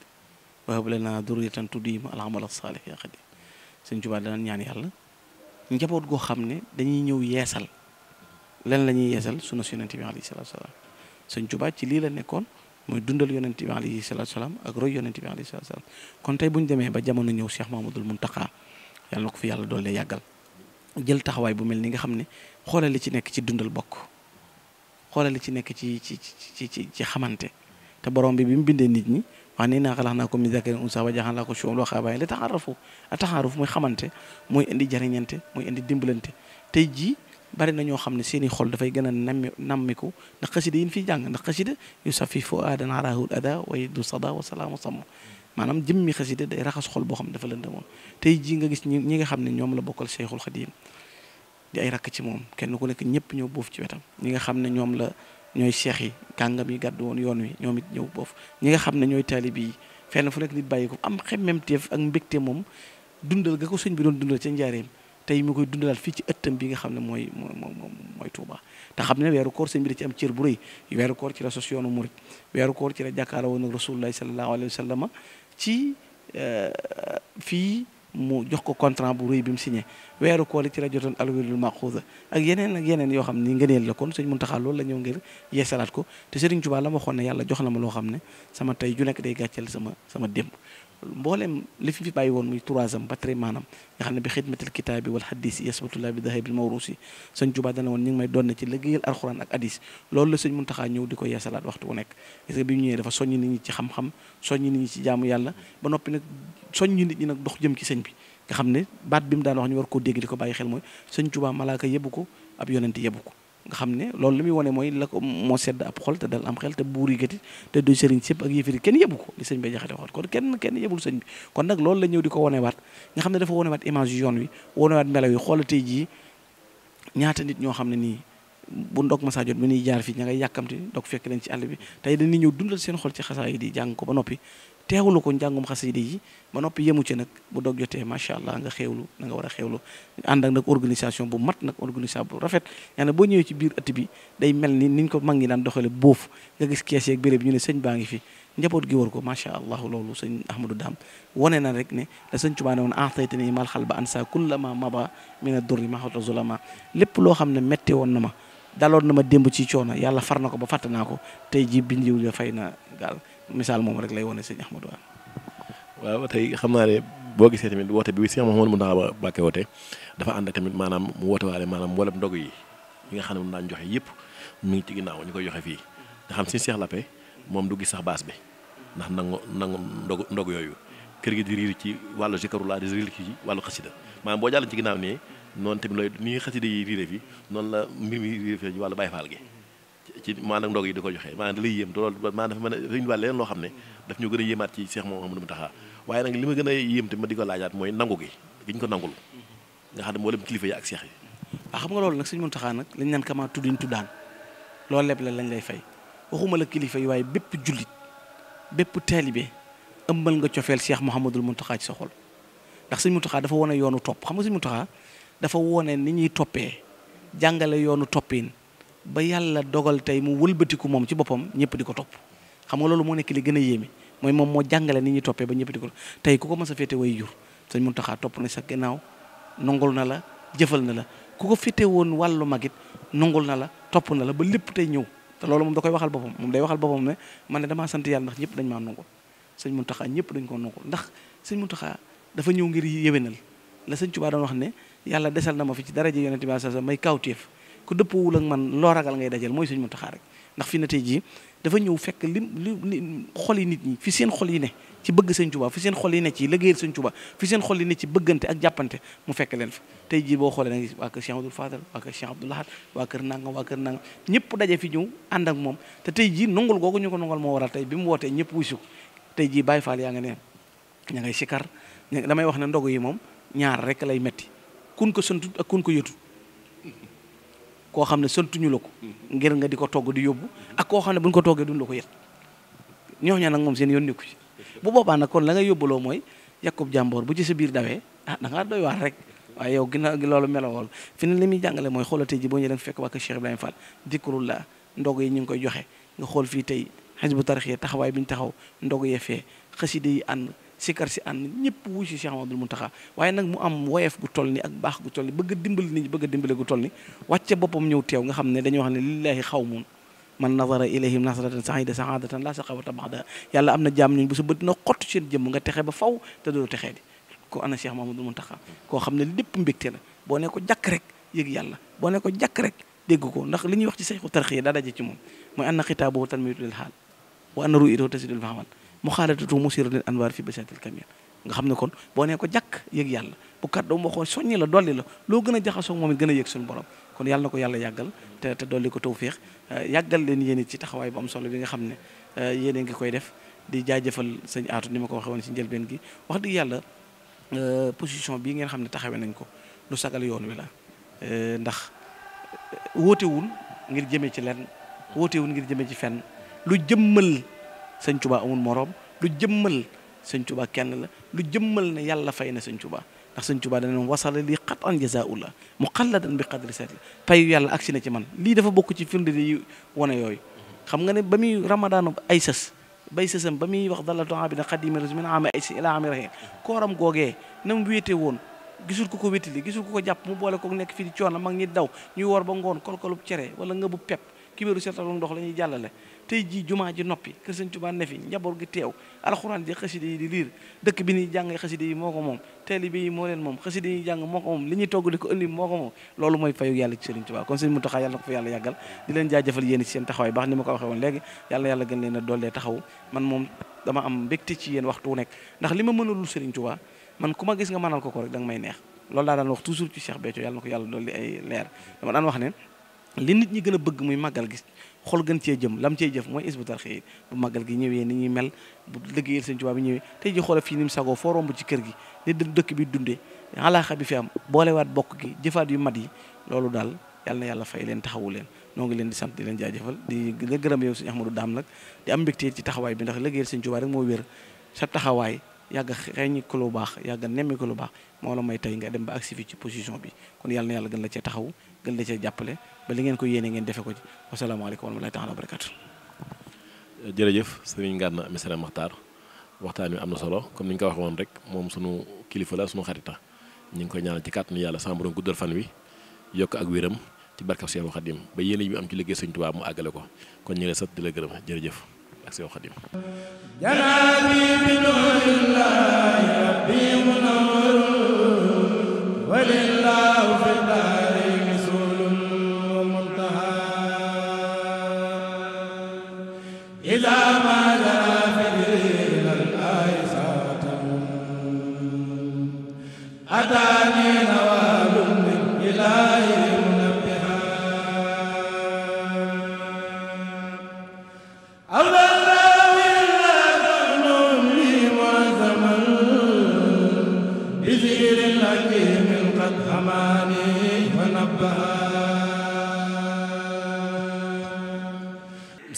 wa hab lana durriyatan tudiimu al amal as-saalih yaa Xaadim Sëñ Tuubaa danañ ñaan yàlla njaboot goo xam ne dañuy ñëw yeesal lan la ñuy yeesal sunna su yonente bi alayhi salaatu salaam Sëñ Tuubaa ci lii la nekkoon mooy dundal yonente bi alayhi salaatu salaam ak roy yonente bi alayhi salaam kon tey bu ñu demee ba jamono ñëw Cheikh Mahmadul Muntaqa yàlla ko fi yàlla doole yàggal jël taxawaay bu mel ni nga xam ne xoolal li ci nekk ci dundal bokk xoolal li ci nekk ci ci ci ci ci xamante te borom bi bi mu bindee nit ñi wax nii naa xalaat naa ko min zakarin unsaa wa laa ko shuu'uban wa qabaa'ila li ta'aarafu a ta'aaruf mooy xamante mooy indi jariñante mooy indi dimbalante tey jii bari na ñoo xam ne seen i xol dafay gën a nammi nammiku ndax xasida yi fi fiy jàng ndax xasida yu safi fu'aadan araahul ada wa yaddu sada wa salaamu maanaam jëmmi xasida day raxas xol boo xam ne dafa lëndëmoon tey jii nga gis ñi nga xam ne ñoom la bokkal Seexul Xadiim di ay rakk ci moom kenn ku nekk ñëpp ñëw boof ci wetam ñi nga xam ne ñoom la ñooy seex yi kàngam yi gàddu woon yoon wi ñoom it ñëw boof ñi nga xam ne ñooy taalib yi fenn fu nekk nit bàyyi ko am xemmemteef ak mbégte moom dundal ga ko sëñ bi doon dundal ca njaareem tey mu koy dundalaat fii ci ëttam bi nga xam ne mooy mooy Touba te xam ne weeru koor sëñ bi da ci am bu rëy weeru koor ci la yoonu murit weeru koor ci la jàkkaarloo woon ak rasulullahi sallallahu alayhi wa sallam ci euh, fii mu jox ko contrat bu rëy bi mu si signé weeru koor ci la jotoon alwilul maxuusa ak yeneen ak yeneen yoo xam ni ngëneel la kon sëñ Muntaxa loolu la ñëw ngir yeesalaat ko te Sëriñ Tuubaa la ma waxoon ne yàlla jox na ma loo xam ne sama tey ju nekk day gàcceel sama sama démb mboolem li fi fi bàyyi woon muy troisième ba tey maanaam nga xam ne bi xidmatil kitaabi wal hadis woon ñu ngi may doon na ci liggéeyal alxuraan ak hadis loolu la sëñ Muntaxaa ñëw di ko yeesalaat waxtu bu nekk gis bi mu ñëwee dafa soññ nit ñi ci xam-xam soññ nit ñi ci jaamu yàlla ba noppi nag soññ nit ñi nag dox jëm ci sëñ bi nga xam ne baat bi mu daan wax ñu war koo dégg di ko bàyyi xel mooy sëñ Tuubaa malaaka yebbu ko ab yonent yebbu ko nga xam ne loolu li muy wane mooy la ko moo sedd ab xol te dal am xel te buur yëkkati te du sëriñ sëpp ak yëfiri kenn yebu ko li sëñ bay jaxate waxoon kon kenn kenn yebul sëñ bi kon nag loolu la ñëw di ko wanewaat nga xam ne dafa wanewaat image yu yoon wi wanewaat melaw yi tey jii ñaata nit ñoo xam ne nii bu ndog masaa jot bi ñuy jaar fii ña ngay yàkkamti ndog fekk leen ci àll bi tey dañuy ñëw dundal seen xol ci xasaa yi di jàng ko ba noppi teewlu ko njàngum xasida yi ba noppi yemu ci nag bu dog jotee macha allah nga xewlu na nga war a xewlu ànd ak nag organisation bu mat nag organisation bu rafet yaa ne boo ñëwee ci biir ëtt bi day mel ni niñ ko mag ñi daan doxale boofu nga gis kees yeeg béréb ñu ne sëñ baa ngi fi njaboot gi war ko macha allah loolu sëñ ahmadou daam wane na rek ne la sëñ Tuubaa ne woon aatayta ni mal xal ba ansa kullama maba mina durri maxota zulama lépp loo xam ne metti woon na ma daloon na ma démb ci coono yàlla far na ko ba fàtte naa ko tey ji bindiw ya fay na gaal misaal moom rek lay wane sëñ Ahmadou Wane. waaw tey xam naa ne boo gisee tamit woote bi sëñ Mouhamadou Mountakha Mbacké woote dafa ànd ak tamit maanaam mu woote maanaam mboolem ndog yi yi nga xam ne moom daan joxe yëpp mi ngi ci ginnaaw ñu koy joxe fii nga xam si Cheikh Lappé moom du sax baas bi ndax nangu nangu ndog ndog yooyu kër gi di riir ci wàllu zikarulaa di riir ci wàllu xasida maanaam boo jàll ci ginnaaw nii noonu tamit lay ni xasida yi riire fi noonu la mbir mi riire fi wàllu Baay Faal gi ci maanaam ndog yi di ko joxe maanaam da lay yéem a Sëriñ loo xam ne daf ñu gën a yéemaat ci Seex Muhammadu Muntaxaa waaye nag li ma gën a yéem te ma di ko laajaat mooy nangu gi giñ ko nangul nga xam ne mboolem ak seex xam nga loolu nag Sëriñ Muntaxaa nag lañ naan kamaa tuddiñ tuddaan loolu lépp la lañ lay fay waxuma la kilifa yi waaye bépp jullit bépp taalibe ëmbal nga cofeel Seex Muhammadul Muntaxaa ci sa xol ndax Sëriñ Muntaxaa dafa wone yoonu topp xam nga Sëriñ Muntaxaa dafa wone ni ñuy toppee jàngale yoonu toppin ba yàlla dogal tey mu wëlbatiku moom ci boppam ñëpp di ko topp xam nga loolu moo nekk li gën a yéeme mooy moom moo jàngale ni ñuy toppee ba ñëpp di ko tey ku ko mës a féete way jur sëñ Muntaxa topp na sa gannaaw nongul na la jëfal na ku ko féete woon wàllu magit nongul na la topp na la ba lépp tey ñëw te loolu moom da koy waxal boppam moom day waxal boppam ne man ne damaa sant yàlla ndax ñëpp dañ maa nongul sëñ Muntaxa ñëpp dañ ko nongul ndax sëñ taxaa dafa ñëw ngir yéwénal la sëñ Tuubaa doon wax ne yàlla desal na ma fi ci daraja yonent bi may kawteef ku dëppoowul ak man loo ragal ngay dajal mooy Sëriñ Muntaxa rek ndax fi ne tey jii dafa ñëw fekk lim xol yi nit ñi fi seen xol yi ne ci bëgg sañ Tuubaa fi seen xol yi ne ci liggéeyal Sëriñ Tuubaa fi seen xol yi ne ci bëggante ak jàppante mu fekk leen fa tey jii boo xoolee da nga gis waa kër Cheikh Abdoul Fadal ñëpp daje fi ñëw ànd ak moom te tey jii nungul googu ñu ko nungal moo waral tey bi mu wootee ñëpp wuyu ko tey jii Baye Fall yaa nga ne ña ngay sikar damay wax ne ndogu yi moom ñaar rek lay metti kun ko santut ak kun ko yëtut koo xam ne soltuñu la ko ngir nga di ko togg di yóbbu ak koo xam ne buñ ko toggee duñ la ko yët ñooñu nag moom seen yoon nekku ci bu boobaa nag kon la ngay yóbbaloo mooy yàqub jàmboor bu ci sa biir dawee ah da ngaa doy waar rek waaye yow ginnaaw gi loolu melowool fi ne li muy jàngale mooy xoolatee ji boo ñëwee da nga fekk waa Cheikh Ibrahima Fall dikrullah ndog yi ñu ngi koy joxe nga xool fii tey xisbu tarxiya taxawaay bi ñu taxaw ndog yee fee xaside yi ànd sikar si ànd ñëpp wuy si Cheikh Mamadou Mountakha waaye nag mu am woyef gu toll ni ak baax gu toll ni bëgg dimbal dimbali nit ñi bëgg a dimbali gu toll ni wàcce boppam ñëw teew nga xam ne dañuy wax ne lillahi xawmun man nazara ilayhim nasratan la am na jàmm ñooñ bu sa nga texe ba faw te doo texee di ko ana Cheikh Mamadou koo xam ne lépp mbégte la boo ne ko jàkk rek yëg yàlla boo ne ko jàkk rek dégg ko ndax li ñuy wax ci sayxu yi daa daje ci moom mooy anna xitaabu tanmiitu lil xaal wa anna ru'yatahu tasidul fahaman mu xaalatatu musiru lil anwaar fi basatil kamil nga xam ne kon boo nee ko jàkk yëg yàlla bu kat doomu waxoon soññi la dolli la loo gën a jaxasoo moom it gën a yëg suñu borom kon yàlla ko yàlla yàggal te te dolli ko tawféex euh, yàggal leen yéen ci taxawaay bu am solo bi nga xam ne euh, yéen a ngi koy def di jaajëfal sëñ aatu ni ma ko waxee woon si njëlbeen gi wax dëgg yàlla euh, position bii ngeen xam ne taxawe nañ ko lu sagal yoon wi la ndax wootewul ngir jëme ci lenn wootewul ngir jëmee ci fenn lu jëmmal sëñ Tuubaa amul moroom lu jëmmal sëñ Tuubaa kenn la lu jëmmal na yàlla fay na sëñ Tuubaa ndax sëñ Tuubaa dana wasala lii xat an jazaa'ullah muqalladan bi qadri seet la payu yàlla agsi na ci man lii dafa bokk ci firnde yi wane yooyu xam nga ne ba muy ramadaanu ay sës bay sësam ba muy wax dala toa bi na xadimi rasul min ama aysi ila ami rahim kooram googee na mu wéete woon gisul ku ko wétali gisul ku ko jàpp mu boole kook nekk fii di coon a mag ñi daw ñuy wor ba ngoon kolkolub cere wala ngëbu pep kibéeru seetaloon ndox la ñuy jàllale tey jii jumaa ji noppi kër Sëñ Tuubaa ne fi njaboot gi teew alxuraan ji xaside yi di liir dëkk bi ñuy jàng xaside yi moo ko moom taalibe yi moo leen moom xaside yi jàng moo ko moom li ñu togg di ko ëndi moo ko moom loolu mooy fayu yàlla ci Sëriñ Tuubaa kon Sëñ Muntaxa yàlla na ko fa yàlla yàggal di leen jaajëfal yéen ci seen taxawaay baax ni ma ko waxee woon léegi yàlla yàlla gën leen a doolee yéen waxtu nekk ndax li ma mën a mënalul Sëriñ Tuubaa man ku ma gis nga mënal ko ko rek da may neex loolu laa daan wax toujours ci Cheikh Béthio yàlla na ko yàlla dolli ay wax ne li nit ñi gën a bëgg muy màggal gis xol gën cee jëm lam cee jëf mooy is bu tarxee yi bu màggal gi ñëwee ni ñuy mel bu liggéeyal sëñ Tuubaa bi ñëwee tey ji xoolal fii ni mu sagoo foo romb ci kër gi ni dëkk bi dundee alaaxa bi fi am boolewaat bokk gi jëfaat yu mat yi loolu daal yàlla na yàlla fay leen taxawu leen noo ngi leen di sant di leen jaajëfal di la gërëm yow sëñ Ahmadou Daam nag di am mbégte ci taxawaay bi ndax liggéeyal sëñ Tuubaa rek moo wér sa taxawaay yàgg xeeñ ko lu baax yàgg a nemmi ko lu baax moo la may tey nga dem ba agsi fii ci position bi kon yàlla na yàlla gën la cee taxaw gën la cee jàppale ba li ngeen ko yéene ngeen defe ko ci wasalaamaaleykum wa rahmatullaahi taala wa barakaatu jërëjëf sëriñ Gana Messere Maxtaar waxtaan wi am na solo comme ni ñu ko waxee woon rek moom sunu kilifa la sunu xarita ñu ngi koy ñaanal ci kàttanu yàlla sama borom guddal fan wi yokk ak wéram ci barkab Seexul Xadim ba yéene yi am ci liggéey Sëñ Tuubaa mu àggale ko kon ñu ngi lay sant di la jërëjëf ak Seex Xaadim bi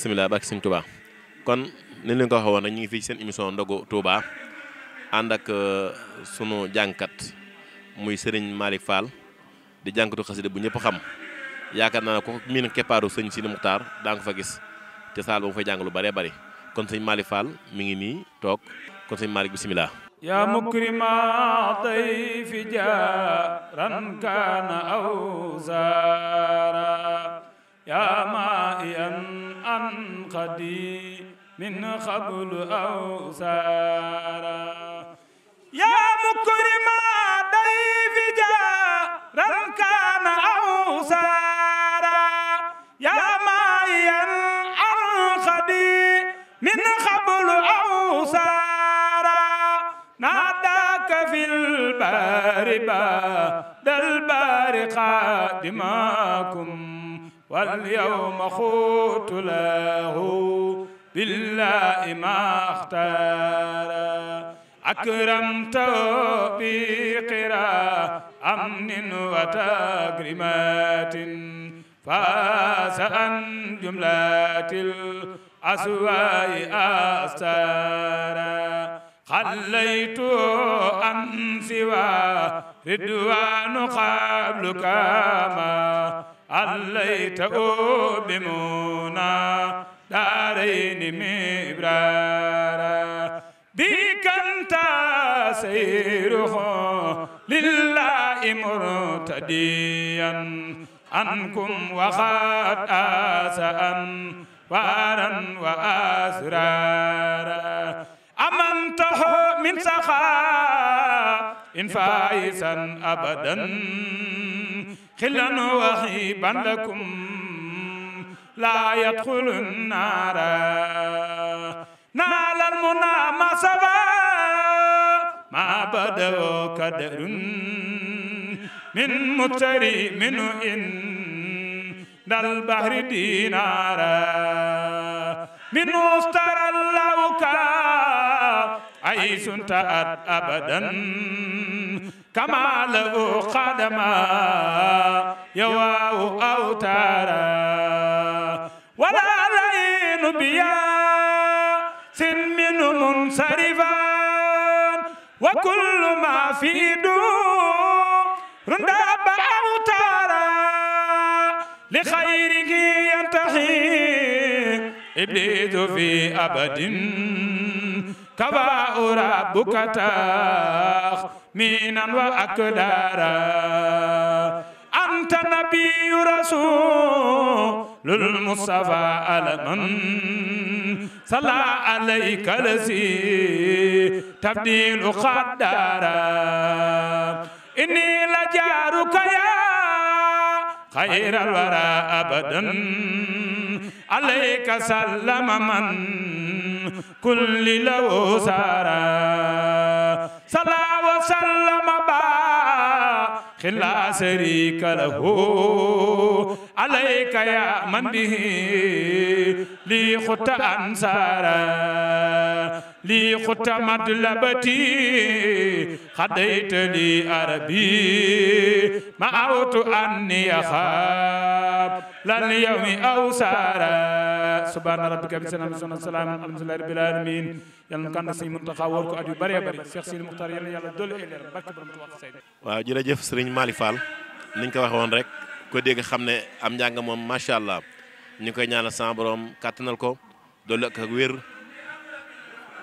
bisimilah barke sëñ Touba kon ni leen ko waxee woon rek ñu ngi fii seen émission ndogu Touba ànd ak euh, sunu jànkat muy Serigne Malick Fall di jànkatu xasida bu ñëpp xam yaakaar naa ne ko miin keppaaru sëñ Sidi Muxtaar daa nga fa gis te saal ba mu fay jàng lu bëree bëri kon sëñ Malick Fall mi ngi nii toog kon sëñ Malick bisimilah. yaa mukrima tay fi jaaran kaana aw zaara عن قديم من قبل أو سارا يا مكرم ضيف جار كان أو سارا يا مايا عن قديم من قبل أو سارا ناداك في البار بعد البار قادماكم واليوم خوت له بالله ما اختار أكرمت بقراء أمن وتكريمات فاز عن جملة الأسواء أستارا خليت أن سوى رضوان قبل كما عليته بمنى دارين مبرارا بك انت سيره لله مرتديا عنكم وقد آسأ وارا وأسرارا أمنته من سخاء إن فائزا أبدا خلا وخيبا لكم لا يدخل النار نال المنى ما سبا ما بدوا قدر من مبتري منه إن البحر دينارا من مستر اللوكا عيس تأت أبدا كما له قدما يواه أوتارا ولا رأين بيا سن من منصرفا وكل ما في دوم رندب أوتارا لخيره ينتهي إبليس في أبد كبا ربك تاخ مينا وأكدارا أنت نبي رسول للمصطفى ألمن صلى عليك الذي تبديل قدارا إني لجارك يا خير الورى أبدا عليك سلم من كل لو سارا صلى وسلم لا شريك له عليك يا من به لي خط أنصارا لي خط مطلبتي خديت لي أربي ما أوت أني أخاب لن يومي أوسارا سبحان ربك بسنة بسنة السلام الحمد لله رب العالمين yal na kànd sëñ Muntaxa wóor ko at yu bëree bëri Cheikh Sidi Muxtaar yal na niñ ko waxee rek ko dégg xam ne am njàng moom macha allah ñu koy ñaanal sama borom kàttanal ko dolli ak wér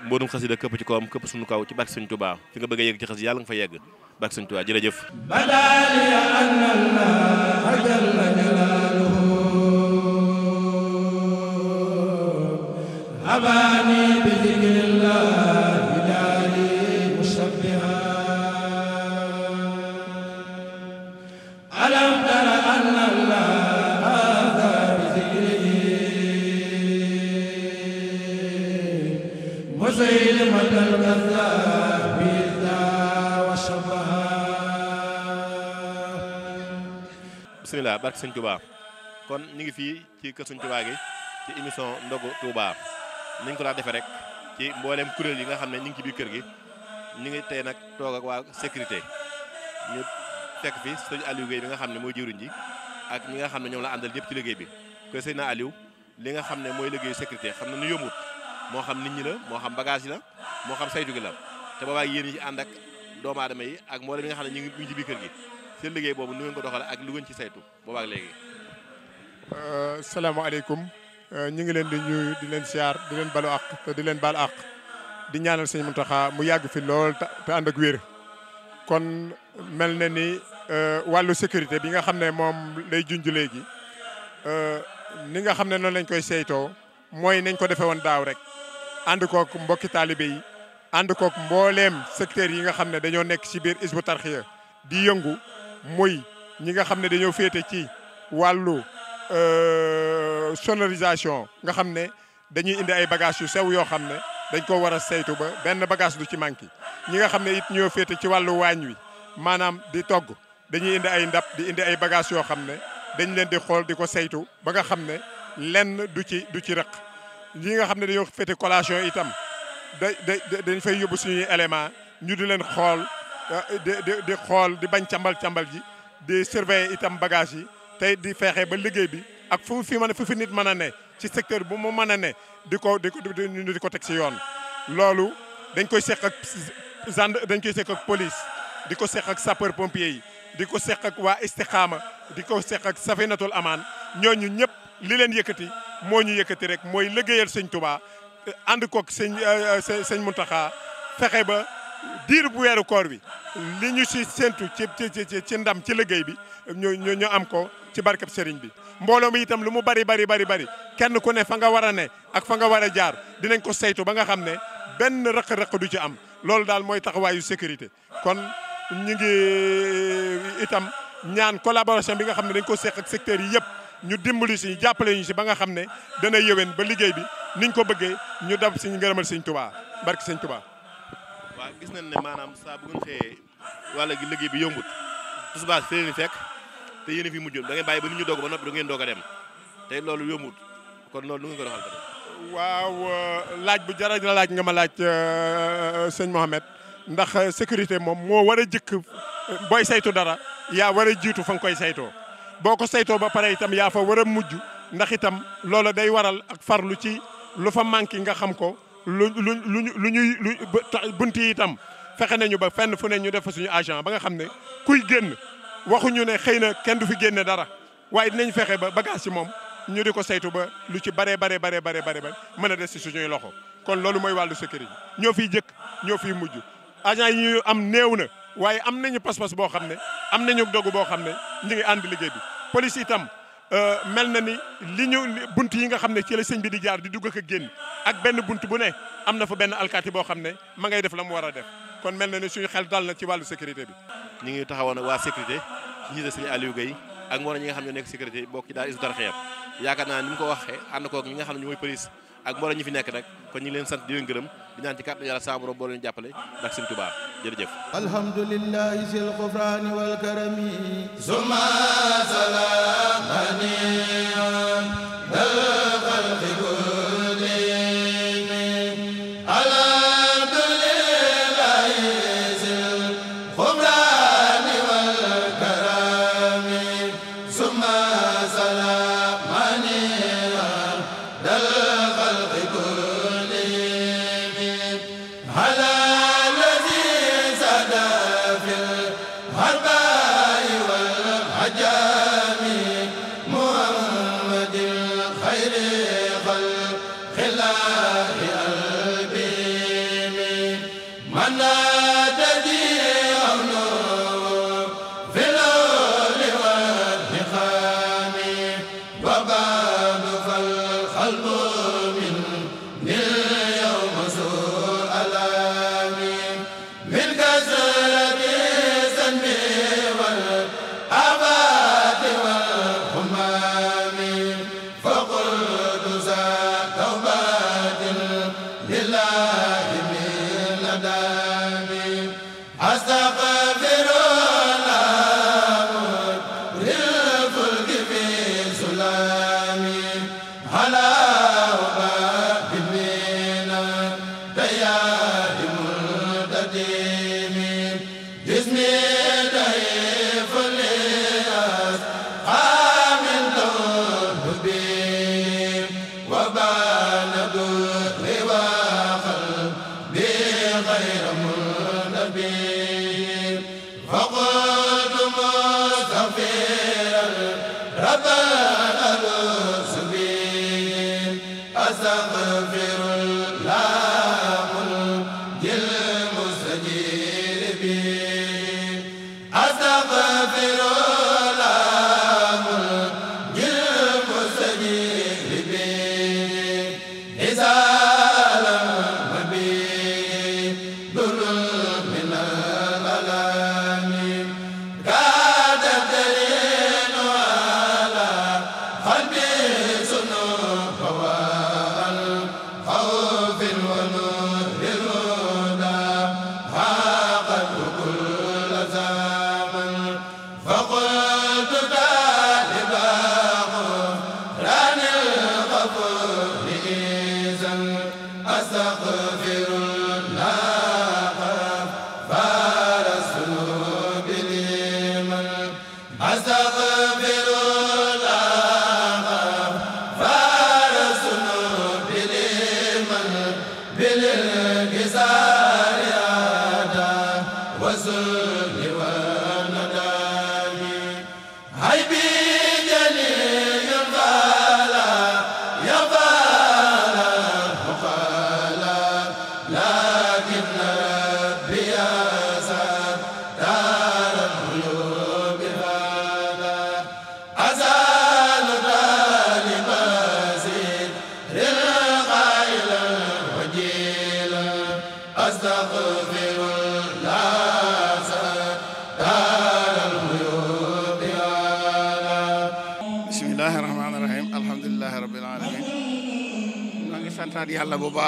mboolum xasida këpp ci kawam këpp suñu kaw ci barke sëñ Tuubaa fi nga bëgg a yegg ci xasida yàlla nga fa yegg barke sëñ Tuubaa jërëjëf badalia anna allah jalla jalaluhu barke sëñ Touba kon ñu ngi fii ci kër sëñ Touba gi ci émission ndogu Touba ni ñu ko laa defee rek ci mbooleem kuréel yi nga xam ne ñu ngi ci biir kër gi ñu ngi tey nag toog ak waa sécurité ñu fekk sëñ Aliou Guèye bi nga xam ne mooy jëwriñ ji ak ñi nga xam ne ñoom la àndal yépp ci liggéey bi koy sëñ na Aliou li nga xam ne mooy liggéeyu sécurité xam na nu yombut moo xam nit ñi la moo xam bagage yi la moo xam saytu gi la te boobaag yéen yi ànd ak doomu aadama yi ak mboolem yi nga xam ne ñu ngi ci biir kër gi seen liggéey boobu nu ngeen ko ak lu ngeen ci saytu boobaak léegi euh, salaamaaleykum euh, ñu ngi leen di ñuy di leen siyaar di leen balu àq di leen baal àq di ñaanal mu Muntaxa mu yàgg fi lool te ànd ak wér kon mel na ni euh, wàllu sécurité bi nga xam ne moom lay junj léegi ni nga xam ne noonu lañ koy saytoo mooy nañ ko defee woon daaw rek ànd kook mbokki taalibe yi ànd kook mbooleem secteur yi nga xam ne dañoo nekk ci biir Hizbut Tarqiyyah di yëngu muy ñi nga xam ne dañoo féete ci wàllu euh, sonorisation nga xam ne dañuy indi ay bagages yu sew yoo xam ne dañ koo war a saytu ba benn bagage du ci manqué ñi nga xam ne it ñoo féete ci wàllu waañ wi maanaam di togg dañuy indi ay ndab di indi ay bagages yoo xam ne dañ leen di xool di ko saytu ba nga xam ne lenn du ci du ci rëq ñi nga xam ne dañoo féete collation itam da da dañ fay yóbbu suñuy élément ñu di leen xool Euh, di di di xool di bañ cambal càmbal ji di surveiller itam bagage yi tey di feexee ba liggéey bi ak fu fi mën a fu fi nit mën a ne ci secteur bu mu mën a ne di ko di ko di ko teg ci yoon. loolu dañ koy seq ak gendarme dañ koy seq ak police di ko seq ak sapeur pompier yi di ko seq ak waa istixaama di ko seq ak safinatul amaan ñooñu ñëpp li leen yëkkati moo ñu yëkkati rek mooy liggéeyal sëñ Tuubaa ànd ko sëñ euh, euh, sëñ Muntaxa fexe ba. diir bu weeru koor bi li ñu si séntu ci ci ci ndam ci liggéey bi ñu ñu ñu am ko ci barkeb sëriñ bi mbooloo mi itam lu mu bari bari bari bari kenn ku ne fa nga war a ne ak fa nga war a jaar dinañ ko saytu ba nga xam ne benn rëq-rëq du ci am loolu daal mooy taxawaayu sécurité kon ñu ngi euh, itam ñaan collaboration bi nga xam ne dañ ko seq ak secteurs yi yëpp ñu dimbali si jàppale ñu si ba nga xam ne dana yëwén ba liggéey bi niñ ko bëggee ñu dab si ngërëmal sëñ Tuubaa barke sëñ Tuubaa gis nañ ne maanaam saa bu ngeen xëyee wàlla gi liggéey bi yombut tisbaar fi leen fekk te yéen fi mujj da ngeen bàyyi ba nit ñu doog ba noppi da ngeen doog dem tey loolu yombut kon loolu nu ngeen ko doxal tamit waaw euh, laaj bu jara dina laaj nga ma laaj euh, sëñ Mohamed ndax euh, sécurité moom moo war a jëkk booy saytu dara yaa war a jiitu fa nga koy saytoo boo ko saytoo ba pare itam yaa fa war a mujj ndax itam loola day waral ak farlu ci lu fa manqué nga xam ko lu lu luñu lu ñuy lu bunt yi itam fexe nañu ba fenn fu ne ñu def fa suñu agent ba nga xam ne kuy génn waxuñu ne xëy na kenn du fi génne dara waaye dinañ fexe ba bagage yi moom ñu di ko saytu ba lu ci bare bare bare bare bare ba mën a des ci suñuy loxo kon loolu mooy wàllu sécurité ñoo fiy jëkk ñoo fi mujj agent yi ñu am néew na waaye am nañu pas-pas boo xam ne am nañu dogu boo xam ne ñu ngi ànd liggéey bi police itam Euh, mel na ni li ñu bunt yi nga xam ne ci la sëñ bi di jaar di dugg ak génn ak benn bunt bu ne am na fa benn alkaati boo xam ne ma ngay def la mu war a def kon mel na ni suñu xel dal na ci wàllu sécurité bi. ñu ngi taxawoon waa sécurité ñi de sëñ Aliou Gueye ak mbooloo ñi nga xam ne ñoo nekk sécurité bokk ci daal isu dara xeer yaakaar naa ni mu ko waxee ànd koog ñi nga xam ne ñooy police ak mbooloo ñi fi nekk nag kon ñu ngi leen sant di leen gërëm di ñaan ci kàttan yàlla saa borom boo leen jàppale ndax sëñ Tuubaa jërëjëf alhamdulillahi sil xufraani wal karami summa salaamani sax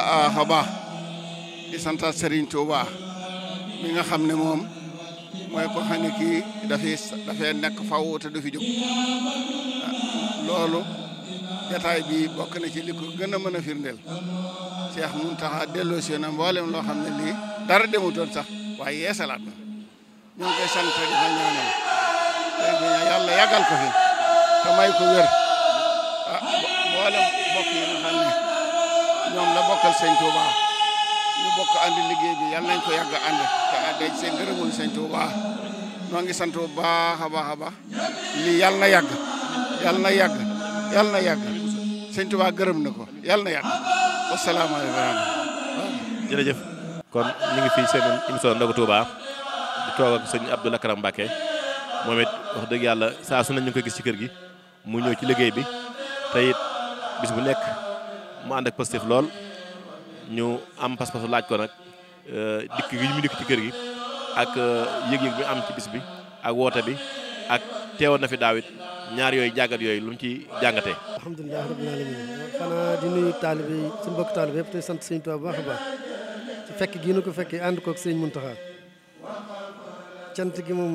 baax a baax di santaat Serigne Touba mi nga xam ne moom mooy ko xam ne kii dafay nekk faw te du fi jóg loolu jataay bi bokk na ci li ko gën a mën a firndeel Cheikh Mountakha delloo si na mboolem loo xam ne lii dara demutoon sax waaye yeesalaat na ñu ngi koy sant di ko ñaanal yàlla yàggal ko fi te may ko wér ah mboolem bokk yi nga xam ne ñoom la bokkal sëñ Touba ñu bokk ànd liggéey bi yàlla nañ ko yàgg ànd te ànd seen ngërëmul sëñ Touba noo ngi sant bu baax a baax a baax lii yàlla na yàgg yàlla na yàgg yàlla na jërëjëf kon ñu ngi fii seen émission ndogu wax dëgg yàlla saa su ne ngi koy gis ci kër gi mu ñëw ci liggéey bi te bis bu nekk. mu ànd ak Pastef lool ñu am pas-pasu laaj ko nag euh, dikk gi mu dikk ci kër gi ak euh, yëg-yëg bi am ci bis bi ak woote bi ak teewoon na fi daawit ñaar yooyu jàggat yooyu lu mu ci jàngatee. alhamdulilah rabbil alamin xanaa di nuyu taalibe su suñu mbokk taalibe yëpp te sant sëñ Tuubaa bu baax baax ci fekk gii nu ko fekkee ànd koog sëñ Muntaxa cant gi moom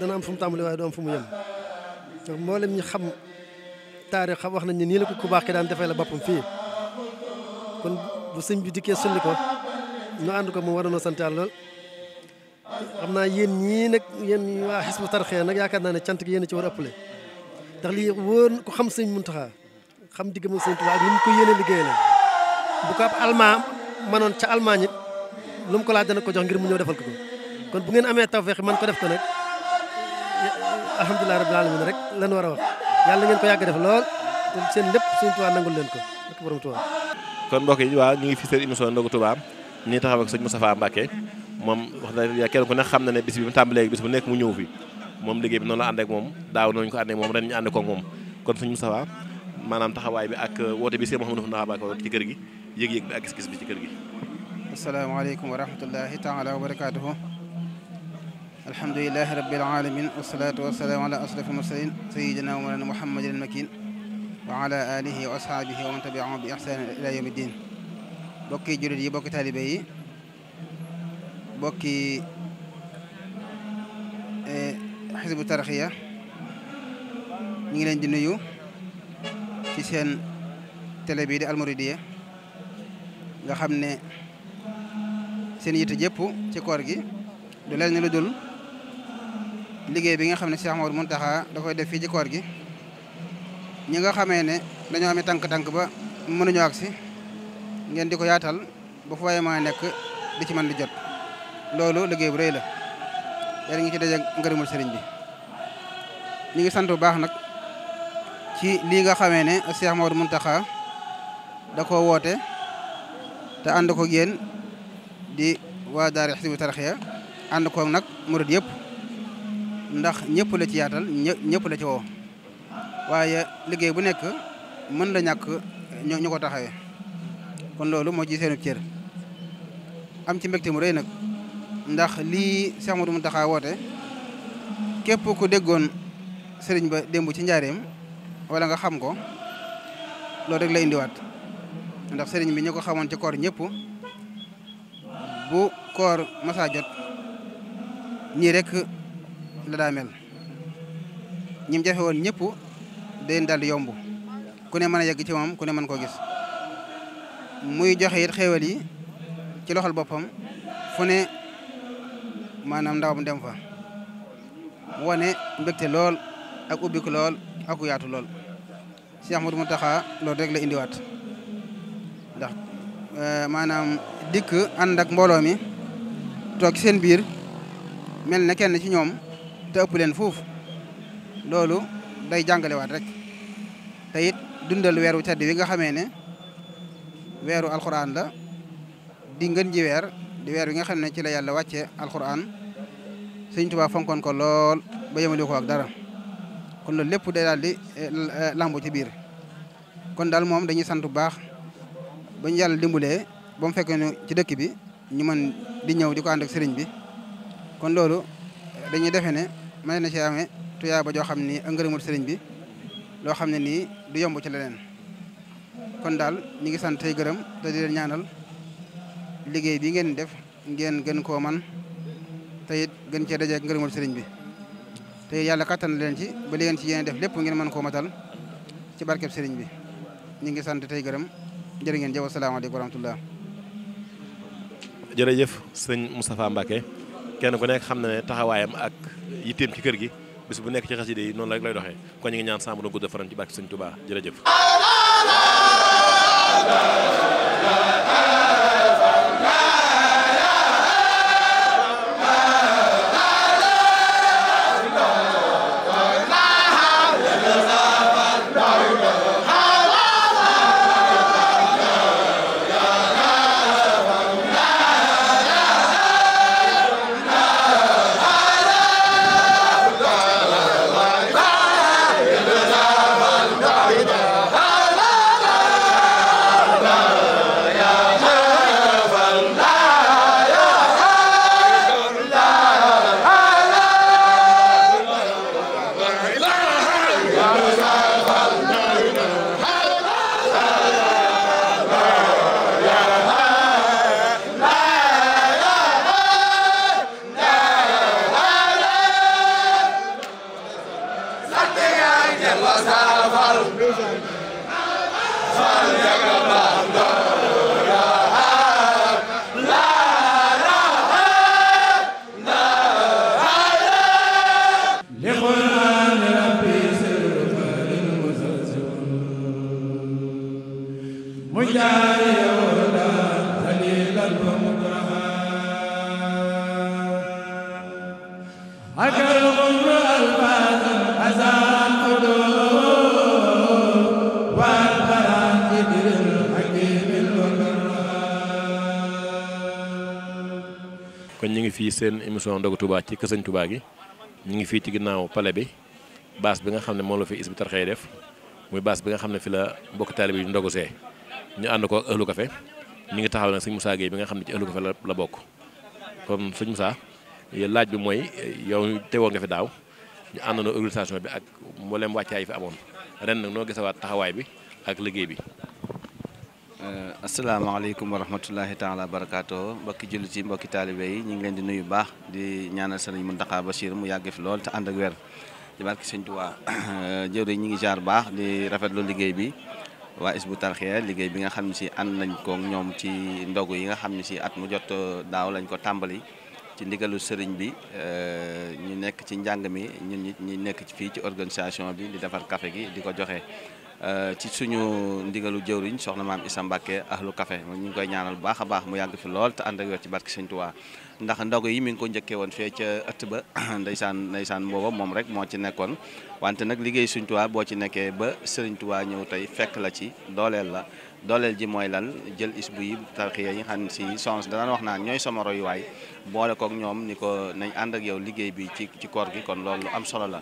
dana am fu mu tàmbali waaye du am fu mu yem ndax mboolem xam taarix wax nañ ne nii la ku baax ki daan defee la boppam fii kon bu sëñ bi dikkee sulli ko ñu ànd ko mu waroon a sant yàlla lool xam naa yéen ñii nag yéen waa xisbu tarxee nag yaakaar naa ne cant gi yéen a ci war a ëppale ndax lii wóor ku xam sëñ Muntaxa xam digg moom sëñ Tuubaa ak ni mu ko yéene liggéey la bu ko ab almaa manoon ca almaañ it lu mu ko laa dana ko jox ngir mu ñëw defal ko ko kon bu ngeen amee tawfeex man ko def ko nag alhamdulilah rabbil alamin rek lan war yàlla ngeen ko yàgg def lool te seen lépp Sëriñ Tuubaa nangul leen ko lépp borom Tuubaa kon mbokk yi waaw ñu ngi fi seen émission Ndogu Tuubaa nii taxaw ak sëñ Moustapha Mbacke moom wax na kenn ku ne xam na ne bis bi mu bu nekk mu ñëw fi moom liggéey bi noonu la ànd moom daaw noonu ñu ko ànd moom ren ñu ànd ko moom kon sëñ Moustapha maanaam taxawaay bi ak uh, woote bi sëñ Mouhamadou Moustapha Mbacke ci kër gi yëg-yëg bi ak gis-gis bi ci kër gi asalaamaaleykum wa rahmatullahi taala wa barakatuhu alhamdulilahi rabbil alamin wasalaatu wasalaamu ala ashrafil mursalin sayidina wa mawlana muhammadin almakin wa ala alihi wa ashaabihi wa man tabiahum bi ihsaanin ila yawmi din bokki jullit yi bokki taalibe yi bokki xisbu e, tarxiya ñu ngi leen di nuyu ci seen télé bii di almuridiya nga xam ne seen yitte jëpp ci koor gi du leen ne lu dul liggéey bi nga xam ne Cheikh mun Mountakha da koy def fii ci koor gi ñi nga xamee ne dañoo am tànk-tànk ba mënuñoo agsi ngeen di ko yaatal ba fu waaye maa nekk di ci mën di jot loolu liggéey bu rëy la yàlla ngi ci daje ngërëmul sëriñ bi ñu ngi sant bu baax nag ci lii nga xamee ne Cheikh mun taxa da koo woote te ànd ko yéen di waa daara Hizbut Tarqiyyah ànd ko nag murid yépp ndax ñëpp la ci yaatal ñëpp la ci woo waaye liggéey bu nekk mën la ñàkk ñu ko taxawee kon loolu moo ci seenu cër am ci mbégte mu rëy nag ndax lii Cheikh Modou Mountakha woote képp ku déggoon sëriñ ba démb ci njaareem wala nga xam ko loolu rek la indiwaat ndax sëriñ bi ñu ko xamoon ci koor ñëpp bu koor masa jot nii la mel ñim jafe woon ñëpp day daal di yomb ku ne mën a yegg ci moom ku ne mën koo gis muy joxe it yi ci loxol boppam fu ne maanaam ndawam dem fa wane mbégte lool ak ubbik lool ak yaatu lool Cheikh Ahmadou Mountakha loolu rek la indiwaat ndax eh, maanaam dikk ànd ak mbooloo mi toog seen biir mel na kenn ci ñoom te leen foofu loolu day jàngalewaat rek te dundal weeru tedd wi nga xamee ne weeru alxuraan la di ngën ji weer di weer wi nga xam ne ci la yàlla wàcce alxuraan sëñ Tuubaa fonkon ko lool ba yemale ko ak dara kon loolu lépp day daal di eh, eh, lambo ci biir kon daal moom dañuy sant bu baax bañ ñu yàlla dimbalee ba mu fekkee ñu ci dëkk bi ñu mën di ñëw di ko ànd sëriñ bi kon loolu dañuy defe ne may na ci amee ba joo xam ni ngërëmul sëriñ bi loo xam ne nii du yomb ci la leen kon daal ñi ngi sant tey gërëm te di leen ñaanal liggéey bi ngeen def ngeen gën koo man te it gën cee dajeek ngërëmul sëriñ bi te yàlla kattan leen ci ba li ngeen ci yenn def lépp ngeen mën koo matal ci barkeb sëriñ bi ñi ngi sant tey gërëm jërë ngeen jëf asalaamaaleykum wa rahmatullah jërëjëf sëñ kenn ku nekk xam na ne taxawaayam ak yitteem ci kër gi bis bu nekk ci xasida yi noonu rek lay doxee kon ñu ngi ñaan sàmm gudd faram ci barke Sëñ Tuubaa jërëjëf seen émission ndogu tubaa ci kër Sëñ Touba gi ñu ngi fii ci ginnaaw pale bi baas bi nga xam ne moom la fi Hizbut Tarqiyyah def muy baas bi nga xam ne fi la mbokk taalibe yi ndogu see ñu ànd ko ak Euhlou Café ñu ngi taxaw nag Sëñ Moussa Gueye bi nga xam ne ci Euhlou Café la la bokk kon Sëñ Moussa laaj bi mooy yow teewoon nga fi daaw ñu na organisation bi ak mboolem wàccaay yi fi amoon ren nag noo gisawaat taxawaay bi ak liggéey bi Euh, asalaamaaleykum wa rahmatulahi taala wa barakaatoo mbokki jullit yi mbokki taalibe yi ñu ngi leen di nuyu baax di ñaanal sëriñ Muntaxa Bachir mu yàgg fi lool te ànd ak wér di barki sëñ Tuubaa jëwriñ ngi jaar baax di rafetlu liggéey bi waa Hizbut Tarqiyyah liggéey bi nga xam si ànd nañ ko ñoom ci ndogu yi nga xam ne si at mu jot euh, daaw lañ ko tàmbali ci ndigalu sëriñ bi euh, ñu nekk ci njàng mi ñun ñi ñu nekk fii ci organisation bi di defar kafe gi di ko joxe. Euh, ci suñu ndigalu jëwriñ soxna maam Issa Mbacke kafe café ñu ngi koy ñaanal bu baax a baax mu yàgg fi lool te ànd ak wér ci barke Sëñ Tuubaa ndax ndogu yi mi ngi ko njëkkee woon fee ca ëtt ba ndeysaan ndeysaan booba moom rek moo ci nekkoon wante nag liggéey Sëñ Tuubaa boo ci nekkee ba Sëriñ ñëw tey fekk la ci dooleel la dooleel ji mooy lan jël isbu yi tarxiya yi xam si sons danaan wax naan ñooy sama royuwaay boole kook ñoom ni ko nañ ànd ak yow liggéey bi ci ci koor gi kon loolu lu am solo la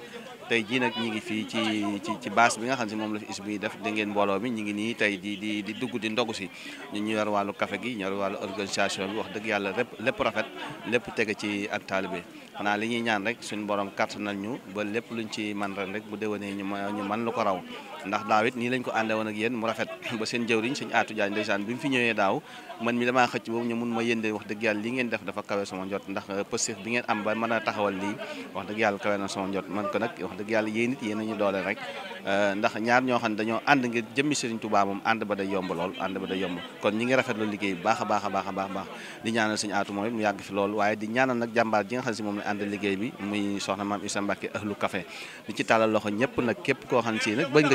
tey jii nag ñi ngi fii ci ci ci base bi nga xam si moom la fi is bi def da ngeen mbooloo mi ñi ngi nii tey di di di dugg di ndogu si ñu ñu yor wàllu kafe gi ñor wàllu organisation bi wax dëgg yàlla lépp lépp rafet lépp tege ci ak bi xanaa li ñuy ñaan rek suñ borom kàttanal ñu ba lépp lu ñu ci man ren rek bu déwénee ñu ñu man lu ko raw ndax daaw it nii lañ ko ànde woon ak yéen mu rafet ba seen jëwriñ sëñ aatu jaañ ndeysaan bi mu fi ñëwee daaw man mi damaa xëcc boobu ñu mun ma yéndee wax dëgg yàlla li ngeen def dafa kawe sama njot ndax euh, positif bi ngeen am ba mën a taxawal lii wax dëgg yàlla kawe na sama njot man ko nag wax dëgg yàlla yéen it yéen doole rek euh, ndax ñaar ñoo xam ne dañoo ànd ngir jëmmi sëriñ Tuubaa moom ànd ba day yomb lool ànd ba day yomb kon ñi ngi rafetlu liggéey bu baax a a lool waaye di ñaanal nag jàmbaar ji nga xam si moom la ànd liggéey bi muy soxna koo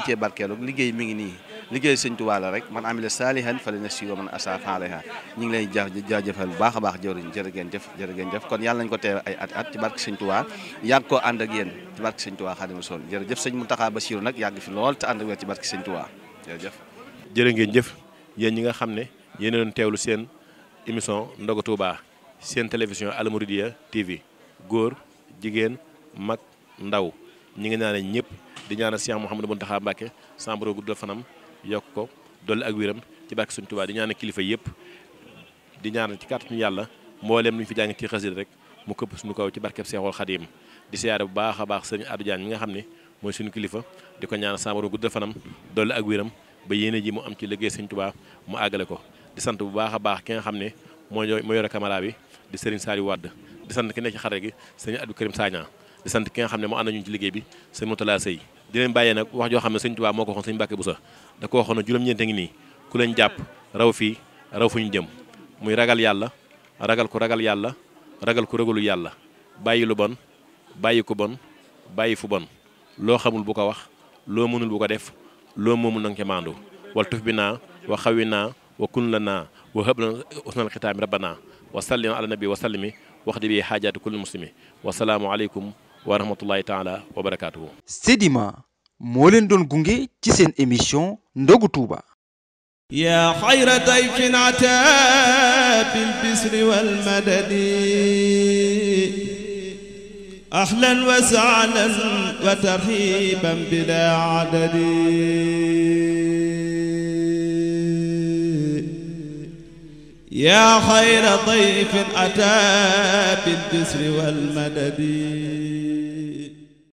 xam barkeelu liggéey mi ngi nii liggéey sëñ Tuubaa la rek man amila saalihan fa li nafsihi wa man asaa fa alayha ñu ngi lay jaajëfal bu baax a baax jëwriñ jërë ngeen jëf jërë ngeen jëf kon yàlla nañ ko teewe ay at at ci barke sëñ Tuubaa yàgg koo ànd ak yéen ci barke sëñ Tuubaa Xaadimu Rasuul jërëjëf sëñ Muntaxa Basiiru lool te ànd ak wér ci barke sëñ Tuubaa jërëjëf jërë ngeen jëf yéen ñi nga xam ne yéen doon teewlu seen émission ndogu Tuubaa seen télévision Al Mouridiyyah TV góor jigéen mag ndaw ñi ngi naan ñëpp di ñaanal Cheikh Mouhamadou Mountakha Mbacké sambro guddal fanam yokk ko dolli ak wéram ci barke Sëriñ Tuubaa di ñaanal kilifa yëpp di ñaanal ci kàttanu yàlla mbooleem lu ñu fi jàng ci xasida rek mu këpp suñu kaw ci barkeb Seexul Xadiim di siyaare bu baax a baax sëriñ Adou Diagne mi nga xam ne mooy suñu kilifa di ko ñaanal sambro guddal fanam dolli ak wéram ba yéene ji mu am ci liggéey Sëriñ Tuubaa mu àggale ko di sant bu baax a baax ki nga xam ne moo moo yore caméra bi di Serigne Saliou Wade di sant ki ci xare gi sëriñ Abdou Karim Sagna di sant ki nga xam ne moo ànd nañu ci liggéey bi sëñ Moutala Sey di leen bàyyee nag wax joo xam ne sëñ Tuubaa moo ko waxoon sëñ Mbàkke sa da ko waxoon juróom-ñeent a ngi nii ku leen jàpp raw fii raw fu ñu jëm muy ragal yàlla ragal ku ragal yàlla ragal ku ragalu yàlla bàyyi lu bon bàyyi ku bon bàyyi fu bon loo xamul bu ko wax loo mënul bu ko def loo moomul nanga ca maandu wal tuf bi naa wa xawi naa wa kun la naa wa hëb lana usnal xitaami rabbanaa wa sallim ala nabi wa sallimi wax di bi xaajaati kulli muslimi wasalaamu wa rahmatullahi taala wa barakaatuhu. Sedima moo leen doon gunge ci seen émission ndogu Touba. yaa xayra dayfin ataa bil bisri wal madadi ahlan wa sahlan wa tarhiiban yaa xayra dayfin ataa bil bisri wal madadi